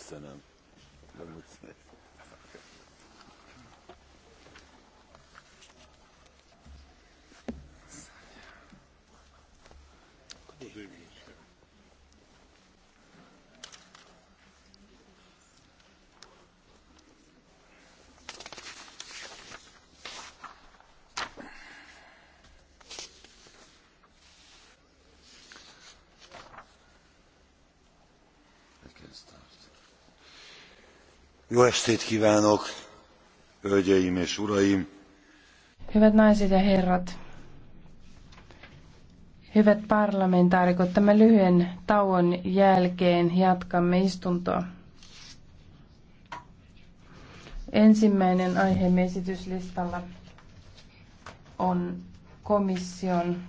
Köszönöm. start. Jó estét kívánok, hölgyeim és uraim! Hyvät naiset ja herrat! Hyvät parlamentaarikot, tämän lyhyen tauon jälkeen jatkamme istuntoa. Ensimmäinen aihe esityslistalla on komission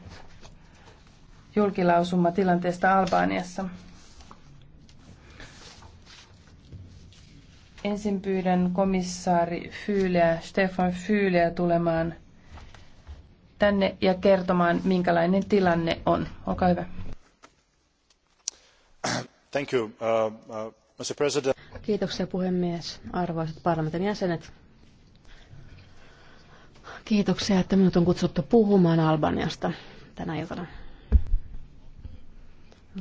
julkilausuma tilanteesta Albaniassa. Ensin pyydän komissaari Fyyleä, Stefan Fyyleä tulemaan tänne ja kertomaan, minkälainen tilanne on. Olkaa hyvä. Thank you, uh, uh, Mr. President. Kiitoksia puhemies, arvoisat parlamentin jäsenet. Kiitoksia, että minut on kutsuttu puhumaan Albaniasta tänä iltana.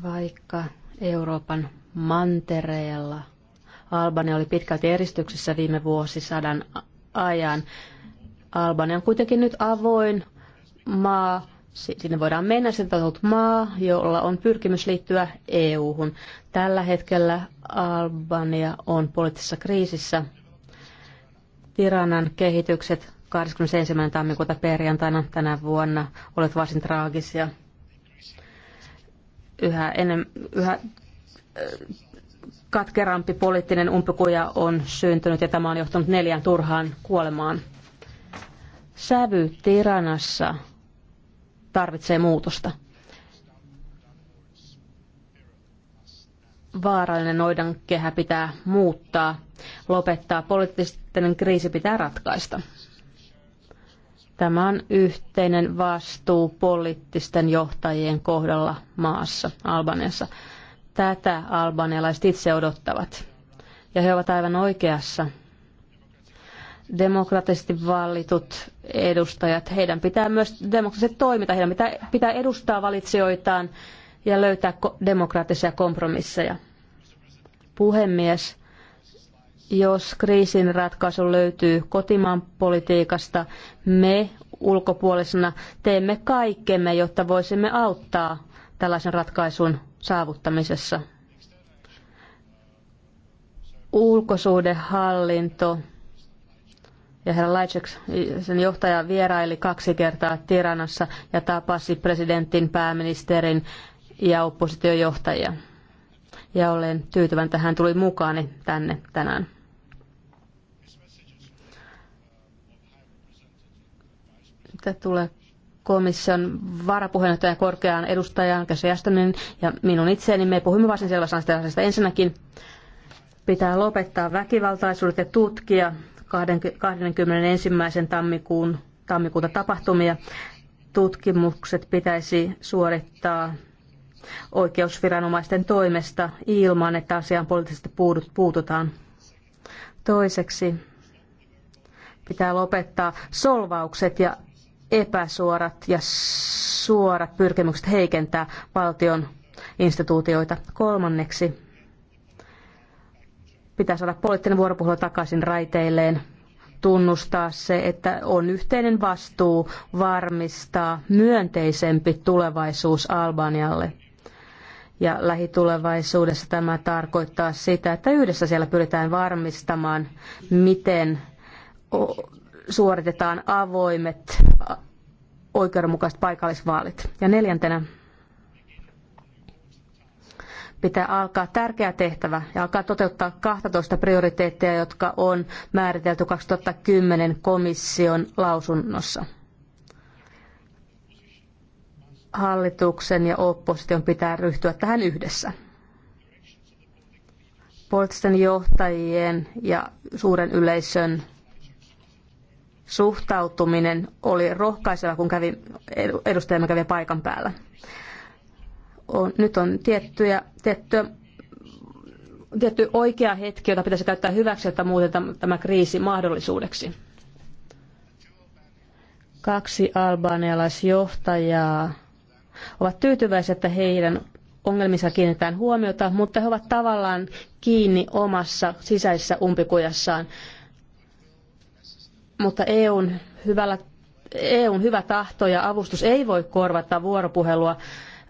Vaikka Euroopan mantereella – Albania oli pitkälti eristyksessä viime vuosisadan ajan. Albania on kuitenkin nyt avoin maa, sinne voidaan mennä, se on ollut maa, jolla on pyrkimys liittyä EU-hun. Tällä hetkellä Albania on poliittisessa kriisissä. Tiranan kehitykset 21. tammikuuta perjantaina tänä vuonna olivat varsin traagisia. Yhä, enem, yhä katkerampi poliittinen umpikuja on syntynyt ja tämä on johtanut neljään turhaan kuolemaan. Sävy Tiranassa tarvitsee muutosta. Vaarallinen noidan kehä pitää muuttaa, lopettaa, poliittinen kriisi pitää ratkaista. Tämä on yhteinen vastuu poliittisten johtajien kohdalla maassa, Albaniassa. Tätä albanialaiset itse odottavat. Ja he ovat aivan oikeassa. Demokraattisesti valitut edustajat, heidän pitää myös demokraattisesti toimita, heidän pitää, pitää edustaa valitsijoitaan ja löytää demokraattisia kompromisseja. Puhemies, jos kriisin ratkaisu löytyy kotimaan politiikasta, me ulkopuolisena teemme kaikkemme, jotta voisimme auttaa tällaisen ratkaisun saavuttamisessa. Ulkosuudehallinto ja herra Lajcek, sen johtaja, vieraili kaksi kertaa Tiranassa ja tapasi presidentin, pääministerin ja oppositiojohtajia. Ja olen tyytyväinen, että hän tuli mukaani tänne tänään. Mitä tulee komission varapuheenjohtajan korkeaan edustajaan Käsi ja minun itseeni. Me puhumme varsin selvästä asiasta. Ensinnäkin pitää lopettaa väkivaltaisuudet ja tutkia 21. tammikuun tammikuuta tapahtumia. Tutkimukset pitäisi suorittaa oikeusviranomaisten toimesta ilman, että asiaan poliittisesti puututaan. Toiseksi pitää lopettaa solvaukset ja epäsuorat ja suorat pyrkimykset heikentää valtion instituutioita. Kolmanneksi pitää saada poliittinen vuoropuhelu takaisin raiteilleen tunnustaa se, että on yhteinen vastuu varmistaa myönteisempi tulevaisuus Albanialle. Ja lähitulevaisuudessa tämä tarkoittaa sitä, että yhdessä siellä pyritään varmistamaan, miten suoritetaan avoimet oikeudenmukaiset paikallisvaalit. Ja neljäntenä pitää alkaa tärkeä tehtävä ja alkaa toteuttaa 12 prioriteettia, jotka on määritelty 2010 komission lausunnossa. Hallituksen ja opposition pitää ryhtyä tähän yhdessä. Poliittisten johtajien ja suuren yleisön suhtautuminen oli rohkaiseva, kun kävi, edustajamme kävi paikan päällä. On, nyt on tiettyjä, tiettyä tietty oikea hetki, jota pitäisi käyttää hyväksi, että muutetaan tämä kriisi mahdollisuudeksi. Kaksi albanialaisjohtajaa ovat tyytyväisiä, että heidän ongelmissa kiinnitetään huomiota, mutta he ovat tavallaan kiinni omassa sisäisessä umpikujassaan. Mutta EUn, hyvällä, EUn hyvä tahto ja avustus ei voi korvata vuoropuhelua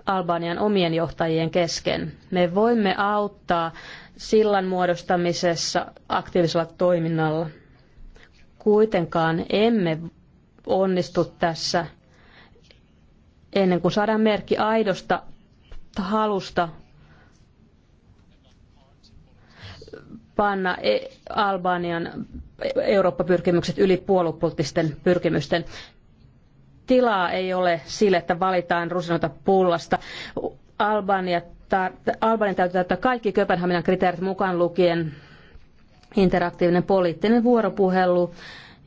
Albanian omien johtajien kesken. Me voimme auttaa sillan muodostamisessa aktiivisella toiminnalla. Kuitenkaan emme onnistu tässä ennen kuin saadaan merkki aidosta halusta panna e- Albanian Eurooppa-pyrkimykset yli puoluepoliittisten pyrkimysten. Tilaa ei ole sille, että valitaan rusinoita pullasta. Albania, tar- Albanian täytyy täyttää kaikki Kööpenhaminan kriteerit mukaan lukien interaktiivinen poliittinen vuoropuhelu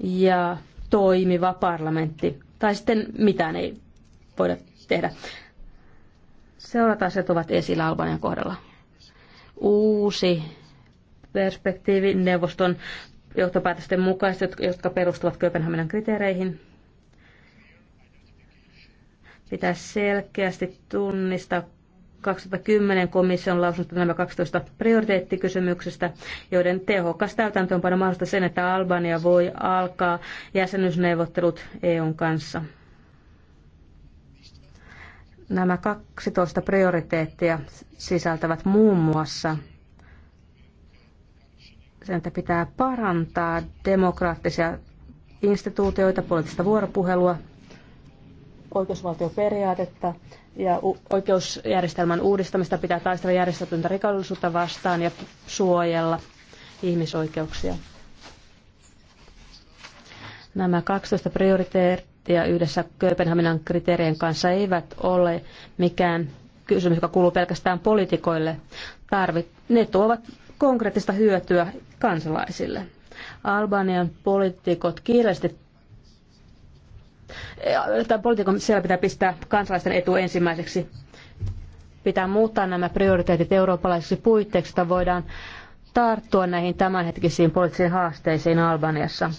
ja toimiva parlamentti. Tai sitten mitään ei voida tehdä. Seuraavat asiat ovat esillä Albanian kohdalla. Uusi perspektiivi neuvoston johtopäätösten mukaista, jotka perustuvat Kööpenhaminan kriteereihin. Pitää selkeästi tunnistaa 2010 komission lausunto nämä 12 prioriteettikysymyksestä, joiden tehokas täytäntöönpano mahdollista sen, että Albania voi alkaa jäsenyysneuvottelut EUn kanssa. Nämä 12 prioriteettia sisältävät muun muassa sen, että pitää parantaa demokraattisia instituutioita, poliittista vuoropuhelua, oikeusvaltioperiaatetta ja oikeusjärjestelmän uudistamista pitää taistella järjestetyntä rikollisuutta vastaan ja suojella ihmisoikeuksia. Nämä 12 prioriteettia yhdessä Kööpenhaminan kriteerien kanssa eivät ole mikään kysymys, joka kuuluu pelkästään poliitikoille. Tarvit, ne tuovat konkreettista hyötyä kansalaisille. Albanian poliitikot kiireesti Tämä poliitikon siellä pitää pistää kansalaisten etu ensimmäiseksi. Pitää muuttaa nämä prioriteetit eurooppalaisiksi puitteiksi, että voidaan tarttua näihin tämänhetkisiin poliittisiin haasteisiin Albaniassa.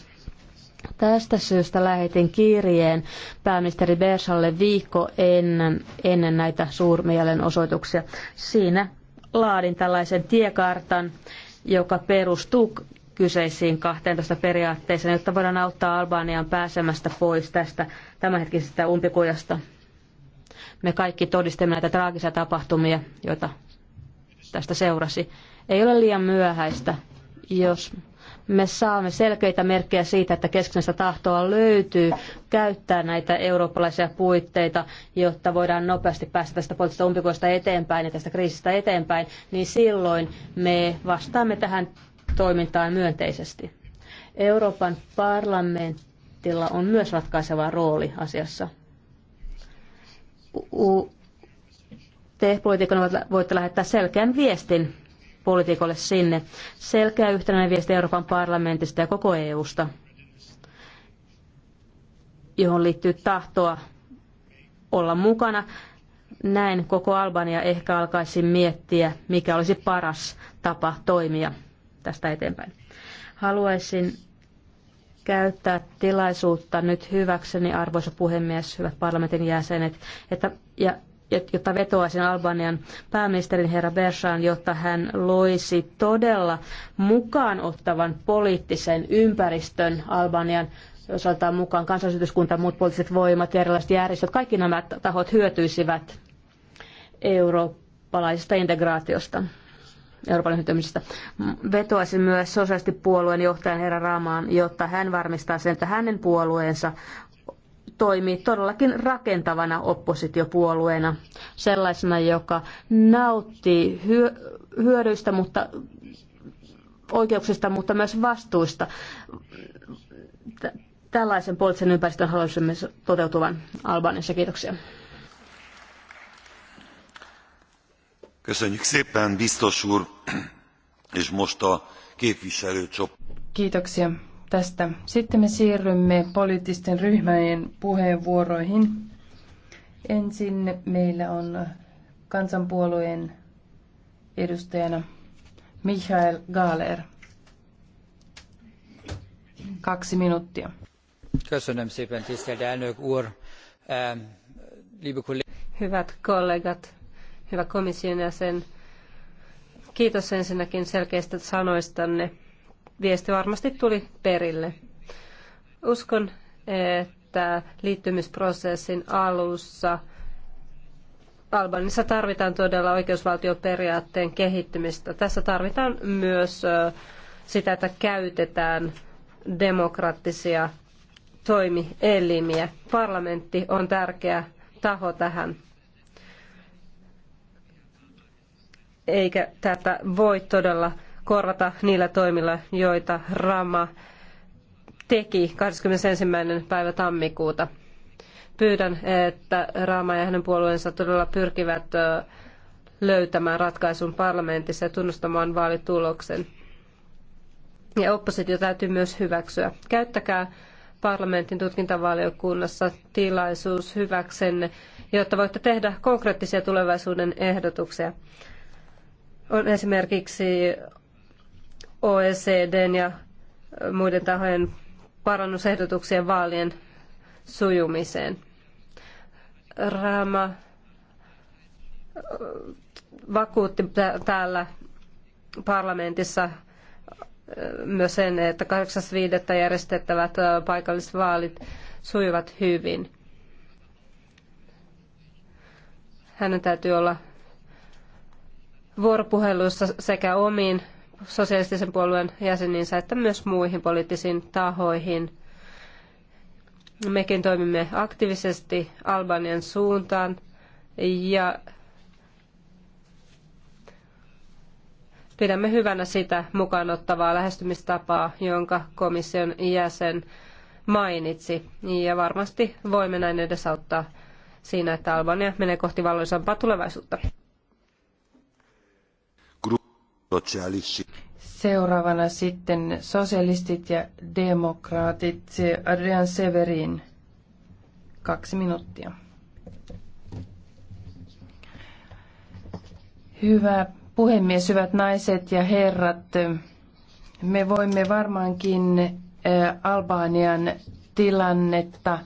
Tästä syystä lähetin kirjeen pääministeri Bersalle viikko ennen, ennen näitä suurmielen osoituksia. Siinä laadin tällaisen tiekartan, joka perustuu kyseisiin 12 periaatteeseen, jotta voidaan auttaa Albanian pääsemästä pois tästä tämänhetkisestä umpikujasta. Me kaikki todistimme näitä traagisia tapahtumia, joita tästä seurasi. Ei ole liian myöhäistä, jos me saamme selkeitä merkkejä siitä, että keskinäistä tahtoa löytyy käyttää näitä eurooppalaisia puitteita, jotta voidaan nopeasti päästä tästä poliittisesta umpikuista eteenpäin ja tästä kriisistä eteenpäin, niin silloin me vastaamme tähän toimintaan myönteisesti. Euroopan parlamentilla on myös ratkaiseva rooli asiassa. U- te poliitikon voitte lähettää selkeän viestin poliitikolle sinne. Selkeä yhtenäinen viesti Euroopan parlamentista ja koko EUsta, johon liittyy tahtoa olla mukana. Näin koko Albania ehkä alkaisi miettiä, mikä olisi paras tapa toimia tästä eteenpäin. Haluaisin käyttää tilaisuutta nyt hyväkseni, arvoisa puhemies, hyvät parlamentin jäsenet, että, ja jotta vetoaisin Albanian pääministerin herra Bershaan, jotta hän loisi todella mukaan ottavan poliittisen ympäristön Albanian osaltaan mukaan kansallisyhteiskunta, muut poliittiset voimat ja erilaiset järjestöt. Kaikki nämä tahot hyötyisivät eurooppalaisesta integraatiosta. Euroopan yhtymisestä. Vetoaisin myös puolueen johtajan herra Raamaan, jotta hän varmistaa sen, että hänen puolueensa toimii todellakin rakentavana oppositiopuolueena, sellaisena, joka nauttii hyödyistä, mutta oikeuksista, mutta myös vastuista. Tällaisen poliittisen ympäristön haluaisimme toteutuvan Albanissa. Kiitoksia. Köszönjük szépen, biztos úr, és most a Kiitoksia, tästä. Sitten me siirrymme poliittisten ryhmäjen puheenvuoroihin. Ensin meillä on kansanpuolueen edustajana Michael Gaaler. Kaksi minuuttia. Hyvät kollegat, hyvä komission jäsen, kiitos ensinnäkin selkeistä sanoistanne viesti varmasti tuli perille. Uskon, että liittymisprosessin alussa Albanissa tarvitaan todella oikeusvaltioperiaatteen kehittymistä. Tässä tarvitaan myös sitä, että käytetään demokraattisia toimielimiä. Parlamentti on tärkeä taho tähän. Eikä tätä voi todella korvata niillä toimilla, joita Rama teki 21. päivä tammikuuta. Pyydän, että Rama ja hänen puolueensa todella pyrkivät löytämään ratkaisun parlamentissa ja tunnustamaan vaalituloksen. Ja oppositio täytyy myös hyväksyä. Käyttäkää parlamentin tutkintavaliokunnassa tilaisuus hyväksenne, jotta voitte tehdä konkreettisia tulevaisuuden ehdotuksia. On esimerkiksi OECDn ja muiden tahojen parannusehdotuksien vaalien sujumiseen. Rama vakuutti täällä parlamentissa myös sen, että 8.5. järjestettävät paikallisvaalit sujuvat hyvin. Hänen täytyy olla vuoropuheluissa sekä omiin sosialistisen puolueen jäseninsä että myös muihin poliittisiin tahoihin. Mekin toimimme aktiivisesti Albanian suuntaan ja pidämme hyvänä sitä mukaan ottavaa lähestymistapaa, jonka komission jäsen mainitsi. Ja varmasti voimme näin edesauttaa siinä, että Albania menee kohti valoisampaa tulevaisuutta. Seuraavana sitten sosialistit ja demokraatit. Adrian Severin, kaksi minuuttia. Hyvä puhemies, hyvät naiset ja herrat. Me voimme varmaankin eh, Albanian tilannetta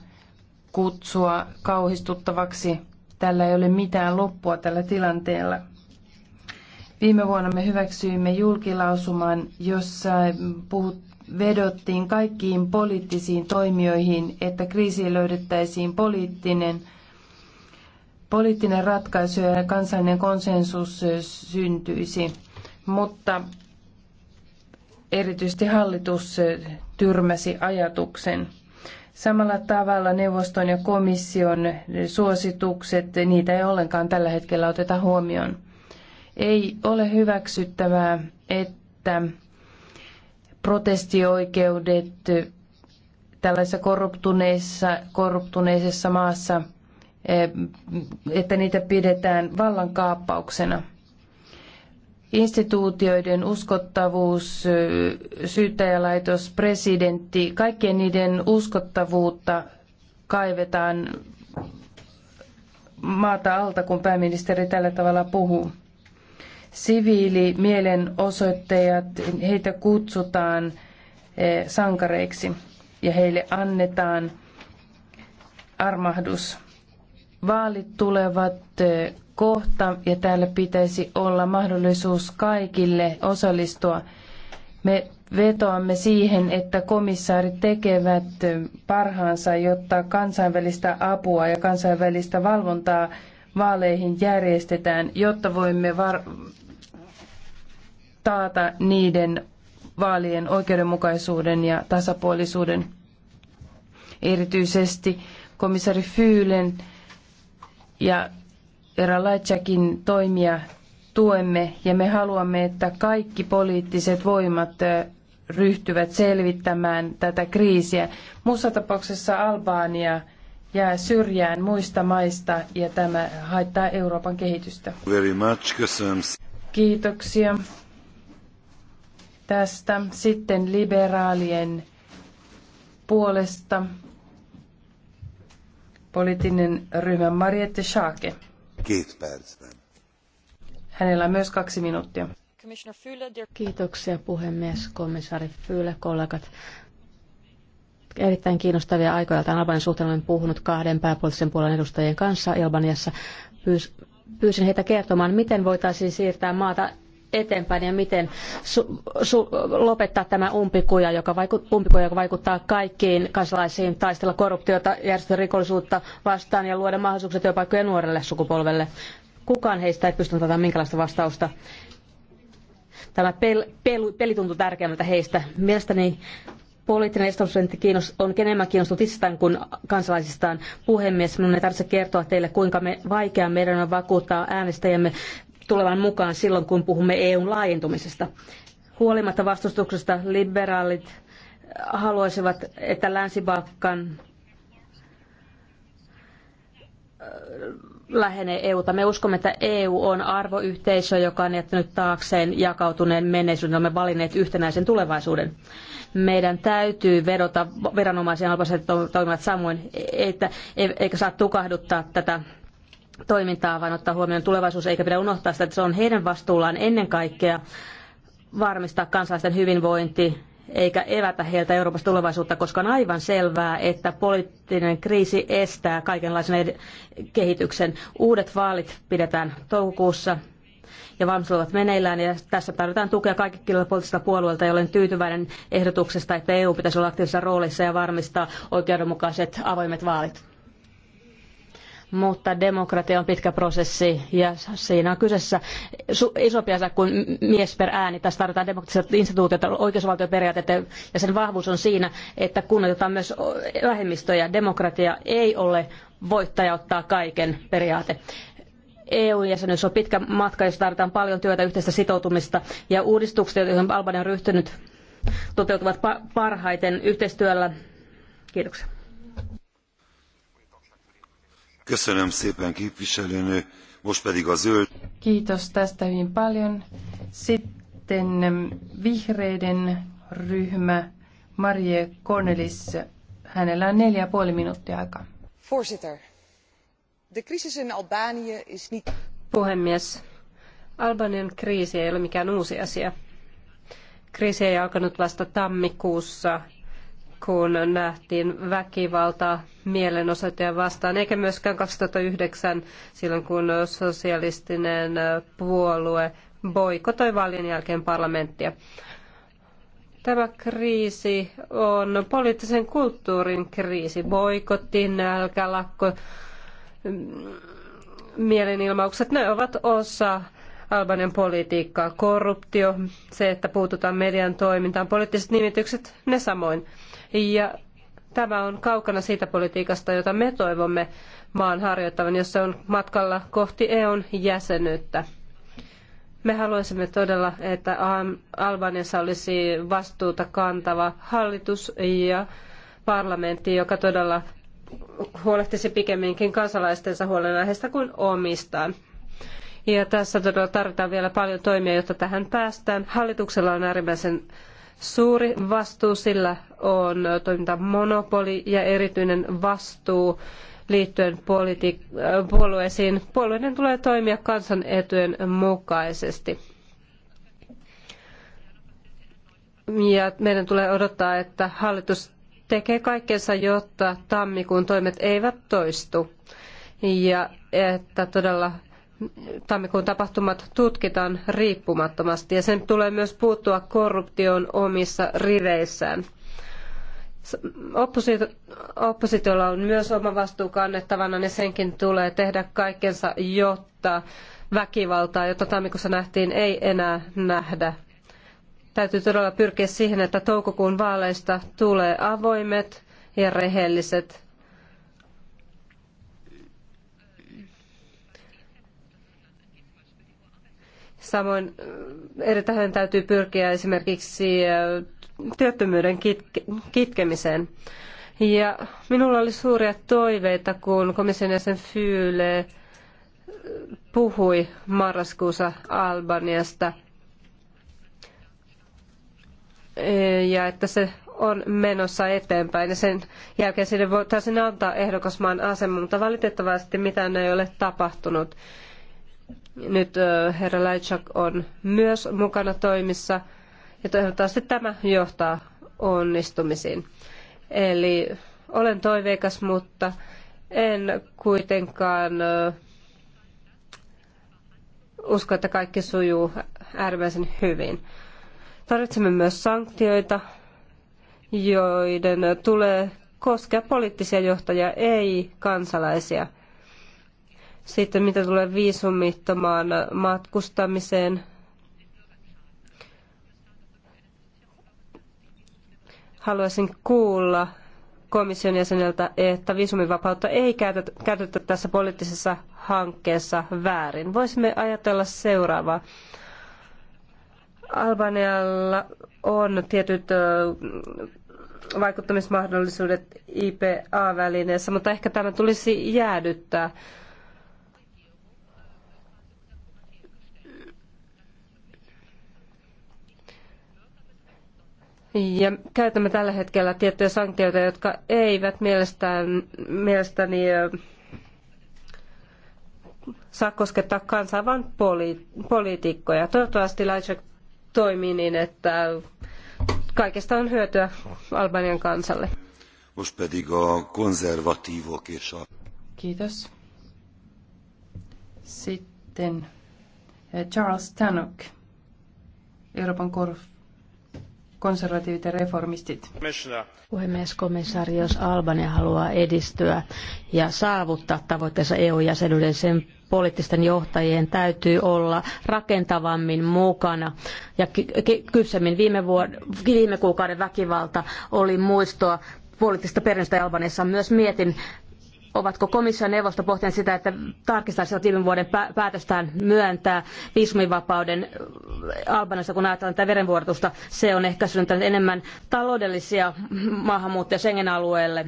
kutsua kauhistuttavaksi. Tällä ei ole mitään loppua tällä tilanteella. Viime vuonna me hyväksyimme julkilausuman, jossa puhut, vedottiin kaikkiin poliittisiin toimijoihin, että kriisiin löydettäisiin poliittinen, poliittinen ratkaisu ja kansallinen konsensus syntyisi. Mutta erityisesti hallitus tyrmäsi ajatuksen. Samalla tavalla neuvoston ja komission suositukset, niitä ei ollenkaan tällä hetkellä oteta huomioon. Ei ole hyväksyttävää, että protestioikeudet tällaisessa korruptuneissa, korruptuneisessa maassa, eh, että niitä pidetään vallankaappauksena. Instituutioiden uskottavuus, eh, syyttäjälaitos, presidentti, kaikkien niiden uskottavuutta kaivetaan maata alta, kun pääministeri tällä tavalla puhuu siviilimielenosoittajat, heitä kutsutaan eh, sankareiksi ja heille annetaan armahdus. Vaalit tulevat eh, kohta ja täällä pitäisi olla mahdollisuus kaikille osallistua. Me vetoamme siihen, että komissaarit tekevät eh, parhaansa, jotta kansainvälistä apua ja kansainvälistä valvontaa vaaleihin järjestetään, jotta voimme var- taata niiden vaalien oikeudenmukaisuuden ja tasapuolisuuden. Erityisesti komissari Fyylen ja Eralaitsakin toimia tuemme ja me haluamme, että kaikki poliittiset voimat ryhtyvät selvittämään tätä kriisiä. Muussa tapauksessa Albania jää syrjään muista maista ja tämä haittaa Euroopan kehitystä. Kiitoksia tästä. Sitten liberaalien puolesta poliittinen ryhmä Mariette Schake. Hänellä on myös kaksi minuuttia. Kiitoksia puhemies, komissaari Fyle, kollegat. Erittäin kiinnostavia aikoja. Tämän Albanian suhteen olen puhunut kahden pääpoliittisen puolen edustajien kanssa Albaniassa. Pyys, pyysin heitä kertomaan, miten voitaisiin siirtää maata eteenpäin ja miten lopettaa tämä umpikuja joka, umpikuja, joka vaikuttaa kaikkiin kansalaisiin, taistella korruptiota, järjestettyä rikollisuutta vastaan ja luoda mahdollisuuksia työpaikkoja nuorelle sukupolvelle. Kukaan heistä ei pystynyt antamaan minkälaista vastausta. Tämä pel, pel, peli tuntuu tärkeämmältä heistä. Mielestäni poliittinen establishmentti on enemmän kiinnostunut itsestään kuin kansalaisistaan. Puhemies, minun ei tarvitse kertoa teille, kuinka me, vaikea meidän on vakuuttaa äänestäjämme tulevan mukaan silloin, kun puhumme EUn laajentumisesta. Huolimatta vastustuksesta liberaalit haluaisivat, että Länsi-Balkan äh, lähenee EUta. Me uskomme, että EU on arvoyhteisö, joka on jättänyt taakseen jakautuneen menneisyyden. Olemme valinneet yhtenäisen tulevaisuuden. Meidän täytyy vedota viranomaisiin, että toimivat samoin, että e- eikä saa tukahduttaa tätä toimintaa, vaan ottaa huomioon tulevaisuus, eikä pidä unohtaa sitä, että se on heidän vastuullaan ennen kaikkea varmistaa kansalaisten hyvinvointi eikä evätä heiltä Euroopasta tulevaisuutta, koska on aivan selvää, että poliittinen kriisi estää kaikenlaisen kehityksen. Uudet vaalit pidetään toukokuussa ja valmistelut meneillään ja tässä tarvitaan tukea kaikilla poliittisilta puolueilta ja olen tyytyväinen ehdotuksesta, että EU pitäisi olla aktiivisessa roolissa ja varmistaa oikeudenmukaiset avoimet vaalit mutta demokratia on pitkä prosessi ja siinä on kyseessä isompi asia kuin mies per ääni. Tässä tarvitaan demokratiset instituutiot, oikeusvaltioperiaatteet ja sen vahvuus on siinä, että kunnioitetaan myös vähemmistöjä. Demokratia ei ole voittaja ottaa kaiken periaate. EU-jäsenyys on pitkä matka, jossa tarvitaan paljon työtä, yhteistä sitoutumista ja uudistukset, joihin Albania on ryhtynyt, toteutuvat parhaiten yhteistyöllä. Kiitoksia. Köszönöm szépen, képviselőnő. Most pedig a zöld. Kiitos tästä hyvin paljon. Sitten vihreiden ryhmä Marie Cornelis. Hänellä on neljä ja puoli minuuttia aikaa. Voorzitter, de crisis in Albanië is niet... Puhemies, Albanian kriisi ei ole mikään uusi asia. Kriisi ei alkanut vasta tammikuussa kun nähtiin väkivalta mielenosoittajia vastaan, eikä myöskään 2009 silloin, kun sosialistinen puolue boikotoi vaalien jälkeen parlamenttia. Tämä kriisi on poliittisen kulttuurin kriisi. Boikotti, nälkälakko, mielenilmaukset, ne ovat osa Albanian politiikkaa. Korruptio, se, että puututaan median toimintaan, poliittiset nimitykset, ne samoin. Ja tämä on kaukana siitä politiikasta, jota me toivomme maan harjoittavan, jos se on matkalla kohti EUn jäsenyyttä. Me haluaisimme todella, että Albaniassa olisi vastuuta kantava hallitus ja parlamentti, joka todella huolehtisi pikemminkin kansalaistensa huolenaiheista kuin omistaan. Ja tässä todella tarvitaan vielä paljon toimia, jotta tähän päästään. Hallituksella on äärimmäisen Suuri vastuu sillä on toimintamonopoli ja erityinen vastuu liittyen politi- äh, puolueisiin. Puolueiden tulee toimia kansan etujen mukaisesti. Ja meidän tulee odottaa, että hallitus tekee kaikkensa, jotta tammikuun toimet eivät toistu ja että todella tammikuun tapahtumat tutkitaan riippumattomasti ja sen tulee myös puuttua korruptioon omissa riveissään. oppositiolla on myös oma vastuu kannettavana ja senkin tulee tehdä kaikkensa, jotta väkivaltaa, jota tammikuussa nähtiin, ei enää nähdä. Täytyy todella pyrkiä siihen, että toukokuun vaaleista tulee avoimet ja rehelliset Samoin äh, eri tahojen täytyy pyrkiä esimerkiksi äh, työttömyyden kitkemiseen. Ja minulla oli suuria toiveita, kun komission jäsen Fyyle äh, puhui marraskuussa Albaniasta. Ja että se on menossa eteenpäin ja sen jälkeen sille voitaisiin antaa ehdokasmaan asema, mutta valitettavasti mitään ei ole tapahtunut. Nyt herra Lajczak on myös mukana toimissa ja toivottavasti tämä johtaa onnistumisiin. Eli olen toiveikas, mutta en kuitenkaan usko, että kaikki sujuu äärimmäisen hyvin. Tarvitsemme myös sanktioita, joiden tulee koskea poliittisia johtajia, ei kansalaisia – sitten mitä tulee viisumittomaan matkustamiseen, haluaisin kuulla komission jäseneltä, että viisumivapautta ei käytetä tässä poliittisessa hankkeessa väärin. Voisimme ajatella seuraavaa. Albanialla on tietyt vaikuttamismahdollisuudet IPA-välineessä, mutta ehkä tämä tulisi jäädyttää. Ja käytämme tällä hetkellä tiettyjä sanktioita, jotka eivät mielestäni, mielestäni saa koskettaa kansaa, vaan poli, poliitikkoja. Toivottavasti Lajcek toimii niin, että kaikesta on hyötyä Albanian kansalle. Kiitos. Sitten eh, Charles Tannock, Euroopan korf konservatiivit ja reformistit. Puhemies komissaari, jos Albania haluaa edistyä ja saavuttaa tavoitteensa EU-jäsenyyden, sen poliittisten johtajien täytyy olla rakentavammin mukana. Ja kysemmin viime, vuod- viime kuukauden väkivalta oli muistoa poliittisesta perinnöstä Albaniassa. Myös mietin ovatko ja neuvosto pohtineet sitä, että tarkistaisivat viime vuoden päätöstään myöntää viisumivapauden äh, Albanissa, kun ajatellaan tätä verenvuorotusta, se on ehkä synnyttänyt enemmän taloudellisia maahanmuuttajia Schengen-alueelle,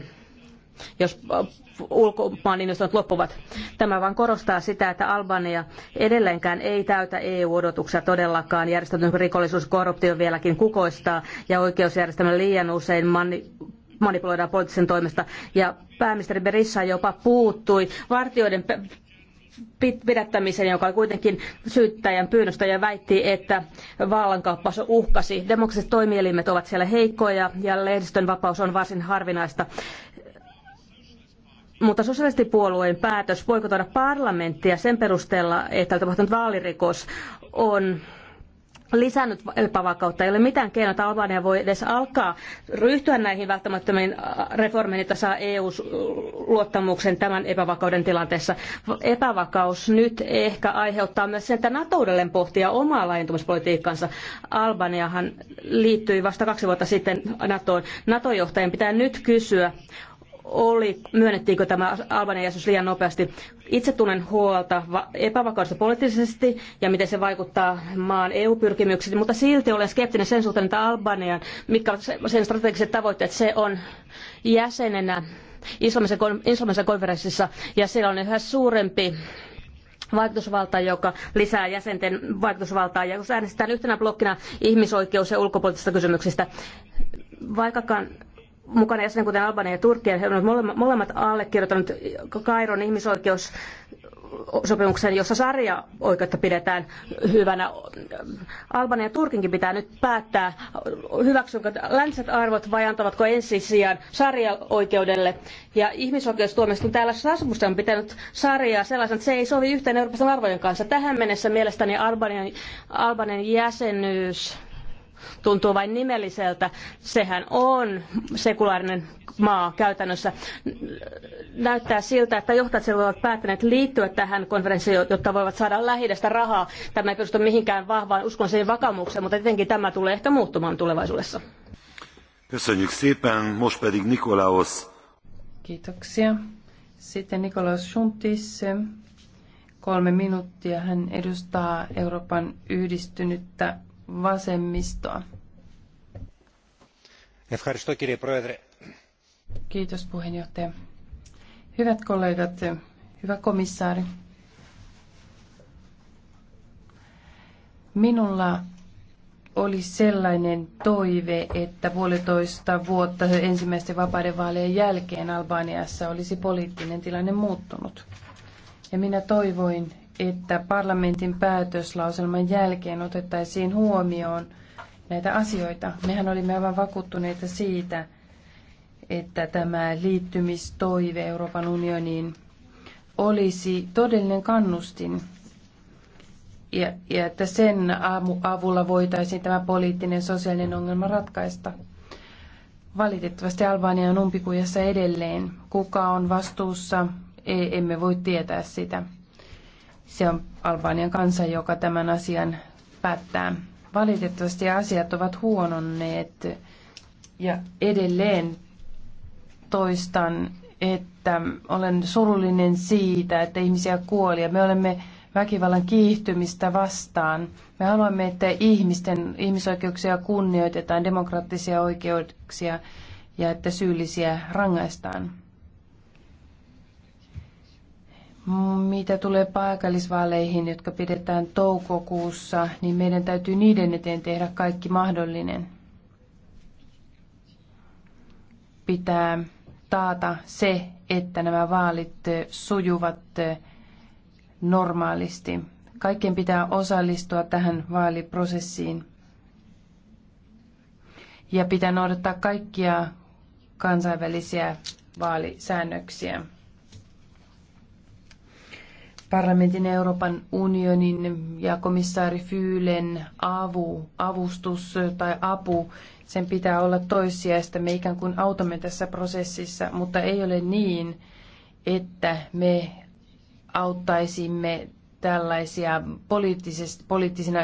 jos äh, ulkomaan investoinnit loppuvat. Tämä vain korostaa sitä, että Albania edelleenkään ei täytä EU-odotuksia todellakaan. Järjestetyn rikollisuus korruptio vieläkin kukoistaa ja oikeusjärjestelmä liian usein mani- manipuloidaan poliittisen toimesta. Ja pääministeri Berissa jopa puuttui vartioiden pidättämisen, joka oli kuitenkin syyttäjän pyynnöstä ja väitti, että vallankaappaus uhkasi. Demokraattiset toimielimet ovat siellä heikkoja ja lehdistön vapaus on varsin harvinaista mutta sosialistipuolueen päätös poikotoida parlamenttia sen perusteella, että on tapahtunut vaalirikos, on lisännyt epävakautta. Ei ole mitään keinoa, että Albania voi edes alkaa ryhtyä näihin välttämättömiin reformeihin, että saa EU-luottamuksen tämän epävakauden tilanteessa. Epävakaus nyt ehkä aiheuttaa myös sen, että NATO uudelleen pohtia omaa laajentumispolitiikkansa. Albaniahan liittyi vasta kaksi vuotta sitten NATOon. NATO-johtajien pitää nyt kysyä, oli, myönnettiinkö tämä Albanian jäsenyys liian nopeasti. Itse tunnen huolta epävakaudesta poliittisesti ja miten se vaikuttaa maan EU-pyrkimyksiin, mutta silti olen skeptinen sen suhteen, että Albanian, mitkä ovat sen strategiset tavoitteet, se on jäsenenä islamisessa konferenssissa ja siellä on yhä suurempi vaikutusvalta, joka lisää jäsenten vaikutusvaltaa. Ja jos äänestetään yhtenä blokkina ihmisoikeus- ja ulkopoliittisista kysymyksistä, vaikkakaan mukana jäsenen, kuten Albania ja Turkki, he ovat molemmat allekirjoittaneet Kairon ihmisoikeus sopimuksen, jossa sarja oikeutta pidetään hyvänä. Albania ja Turkinkin pitää nyt päättää, hyväksyvätkö länsät arvot vai antavatko ensisijan sarjaoikeudelle Ja ihmisoikeustuomioistuin täällä Strasbourgissa on pitänyt sarjaa sellaisen, että se ei sovi yhteen Euroopan arvojen kanssa. Tähän mennessä mielestäni Albanian, Albanian jäsenyys tuntuu vain nimelliseltä. Sehän on sekulaarinen maa käytännössä. Näyttää siltä, että johtajat ovat päättäneet liittyä tähän konferenssiin, jotta voivat saada lähi rahaa. Tämä ei perustu mihinkään vahvaan uskonseen vakaumukseen, mutta tietenkin tämä tulee ehkä muuttumaan tulevaisuudessa. Nikolaos. Kiitoksia. Sitten Nikolaus Schuntis, kolme minuuttia. Hän edustaa Euroopan yhdistynyttä vasemmistoa. Kiitos puheenjohtaja. Hyvät kollegat, hyvä komissaari. Minulla oli sellainen toive, että puolitoista vuotta ensimmäisten vapaiden vaalien jälkeen Albaniassa olisi poliittinen tilanne muuttunut. Ja minä toivoin, että parlamentin päätöslauselman jälkeen otettaisiin huomioon näitä asioita. Mehän olimme aivan vakuuttuneita siitä, että tämä liittymistoive Euroopan unioniin olisi todellinen kannustin ja, ja että sen avulla voitaisiin tämä poliittinen sosiaalinen ongelma ratkaista. Valitettavasti Albania on umpikujassa edelleen. Kuka on vastuussa, e, emme voi tietää sitä. Se on Albanian kansa, joka tämän asian päättää. Valitettavasti asiat ovat huononneet ja edelleen toistan, että olen surullinen siitä, että ihmisiä kuoli ja me olemme väkivallan kiihtymistä vastaan. Me haluamme, että ihmisten ihmisoikeuksia kunnioitetaan, demokraattisia oikeuksia ja että syyllisiä rangaistaan. Mitä tulee paikallisvaaleihin, jotka pidetään toukokuussa, niin meidän täytyy niiden eteen tehdä kaikki mahdollinen. Pitää taata se, että nämä vaalit eh, sujuvat eh, normaalisti. Kaikkien pitää osallistua tähän vaaliprosessiin. Ja pitää noudattaa kaikkia kansainvälisiä vaalisäännöksiä parlamentin Euroopan unionin ja komissaari Fyylen avu, avustus tai apu, sen pitää olla toissijaista. Me ikään kuin autamme tässä prosessissa, mutta ei ole niin, että me auttaisimme tällaisia poliittisina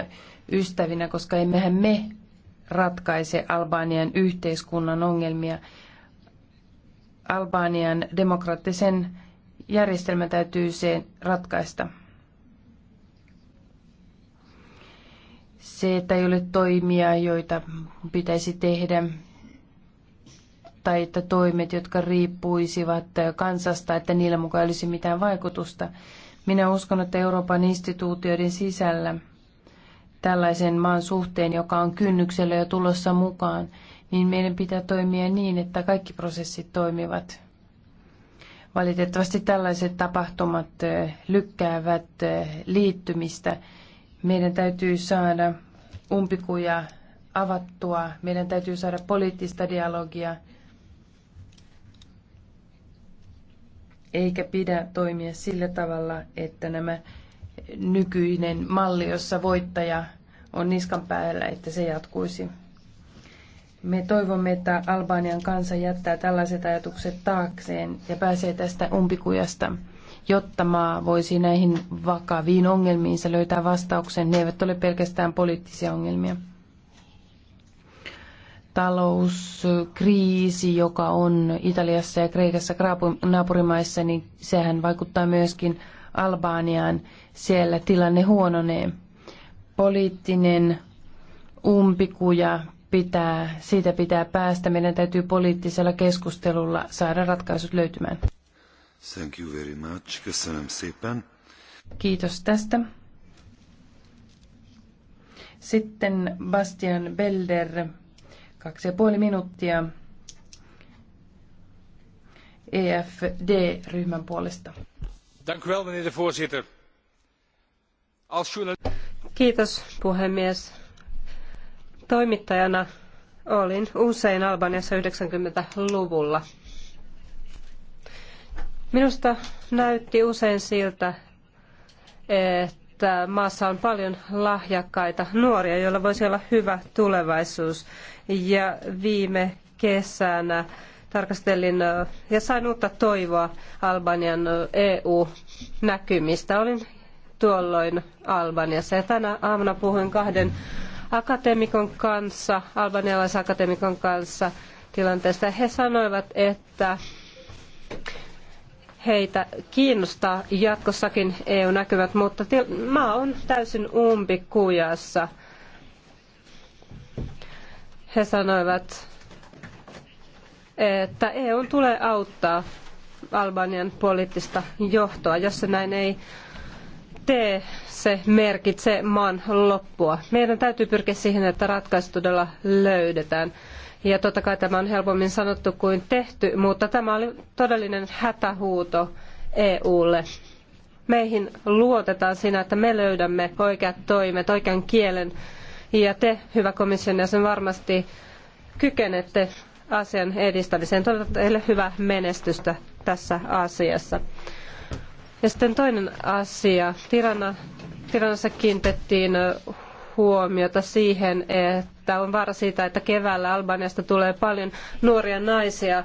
ystävinä, koska emmehän me ratkaise Albanian yhteiskunnan ongelmia. Albanian demokraattisen järjestelmä täytyy se ratkaista. Se, että ei ole toimia, joita pitäisi tehdä, tai että toimet, jotka riippuisivat kansasta, että niillä mukaan olisi mitään vaikutusta. Minä uskon, että Euroopan instituutioiden sisällä tällaisen maan suhteen, joka on kynnyksellä jo tulossa mukaan, niin meidän pitää toimia niin, että kaikki prosessit toimivat Valitettavasti tällaiset tapahtumat eh, lykkäävät eh, liittymistä. Meidän täytyy saada umpikuja avattua, meidän täytyy saada poliittista dialogia, eikä pidä toimia sillä tavalla, että nämä nykyinen malli, jossa voittaja on niskan päällä, että se jatkuisi. Me toivomme, että Albanian kansa jättää tällaiset ajatukset taakseen ja pääsee tästä umpikujasta, jotta maa voisi näihin vakaviin ongelmiinsa löytää vastauksen. Ne eivät ole pelkästään poliittisia ongelmia. Talouskriisi, joka on Italiassa ja Kreikassa naapurimaissa, niin sehän vaikuttaa myöskin Albaniaan. Siellä tilanne huononee. Poliittinen umpikuja pitää, siitä pitää päästä. Meidän täytyy poliittisella keskustelulla saada ratkaisut löytymään. Thank you very much. Kiitos tästä. Sitten Bastian Belder, kaksi ja puoli minuuttia EFD-ryhmän puolesta. Kiitos puhemies Toimittajana olin usein Albaniassa 90-luvulla. Minusta näytti usein siltä, että maassa on paljon lahjakkaita nuoria, joilla voisi olla hyvä tulevaisuus. Ja viime kesänä tarkastelin ja sain uutta toivoa Albanian EU-näkymistä. Olin tuolloin Albaniassa ja tänä aamuna puhuin kahden akatemikon kanssa, albanialaisakatemikon kanssa tilanteesta. He sanoivat, että heitä kiinnostaa jatkossakin EU-näkymät, mutta maa on täysin umpikujassa. He sanoivat, että EU tulee auttaa Albanian poliittista johtoa. Jos se näin ei tee, se merkitsee maan loppua. Meidän täytyy pyrkiä siihen, että ratkaisu todella löydetään. Ja totta kai tämä on helpommin sanottu kuin tehty, mutta tämä oli todellinen hätähuuto EUlle. Meihin luotetaan siinä, että me löydämme oikeat toimet, oikean kielen. Ja te, hyvä komission jäsen, varmasti kykenette asian edistämiseen. Toivotan teille hyvää menestystä tässä asiassa. Ja sitten toinen asia. Tirana, Tiranassa kiinnitettiin huomiota siihen, että on vaara siitä, että keväällä Albaniasta tulee paljon nuoria naisia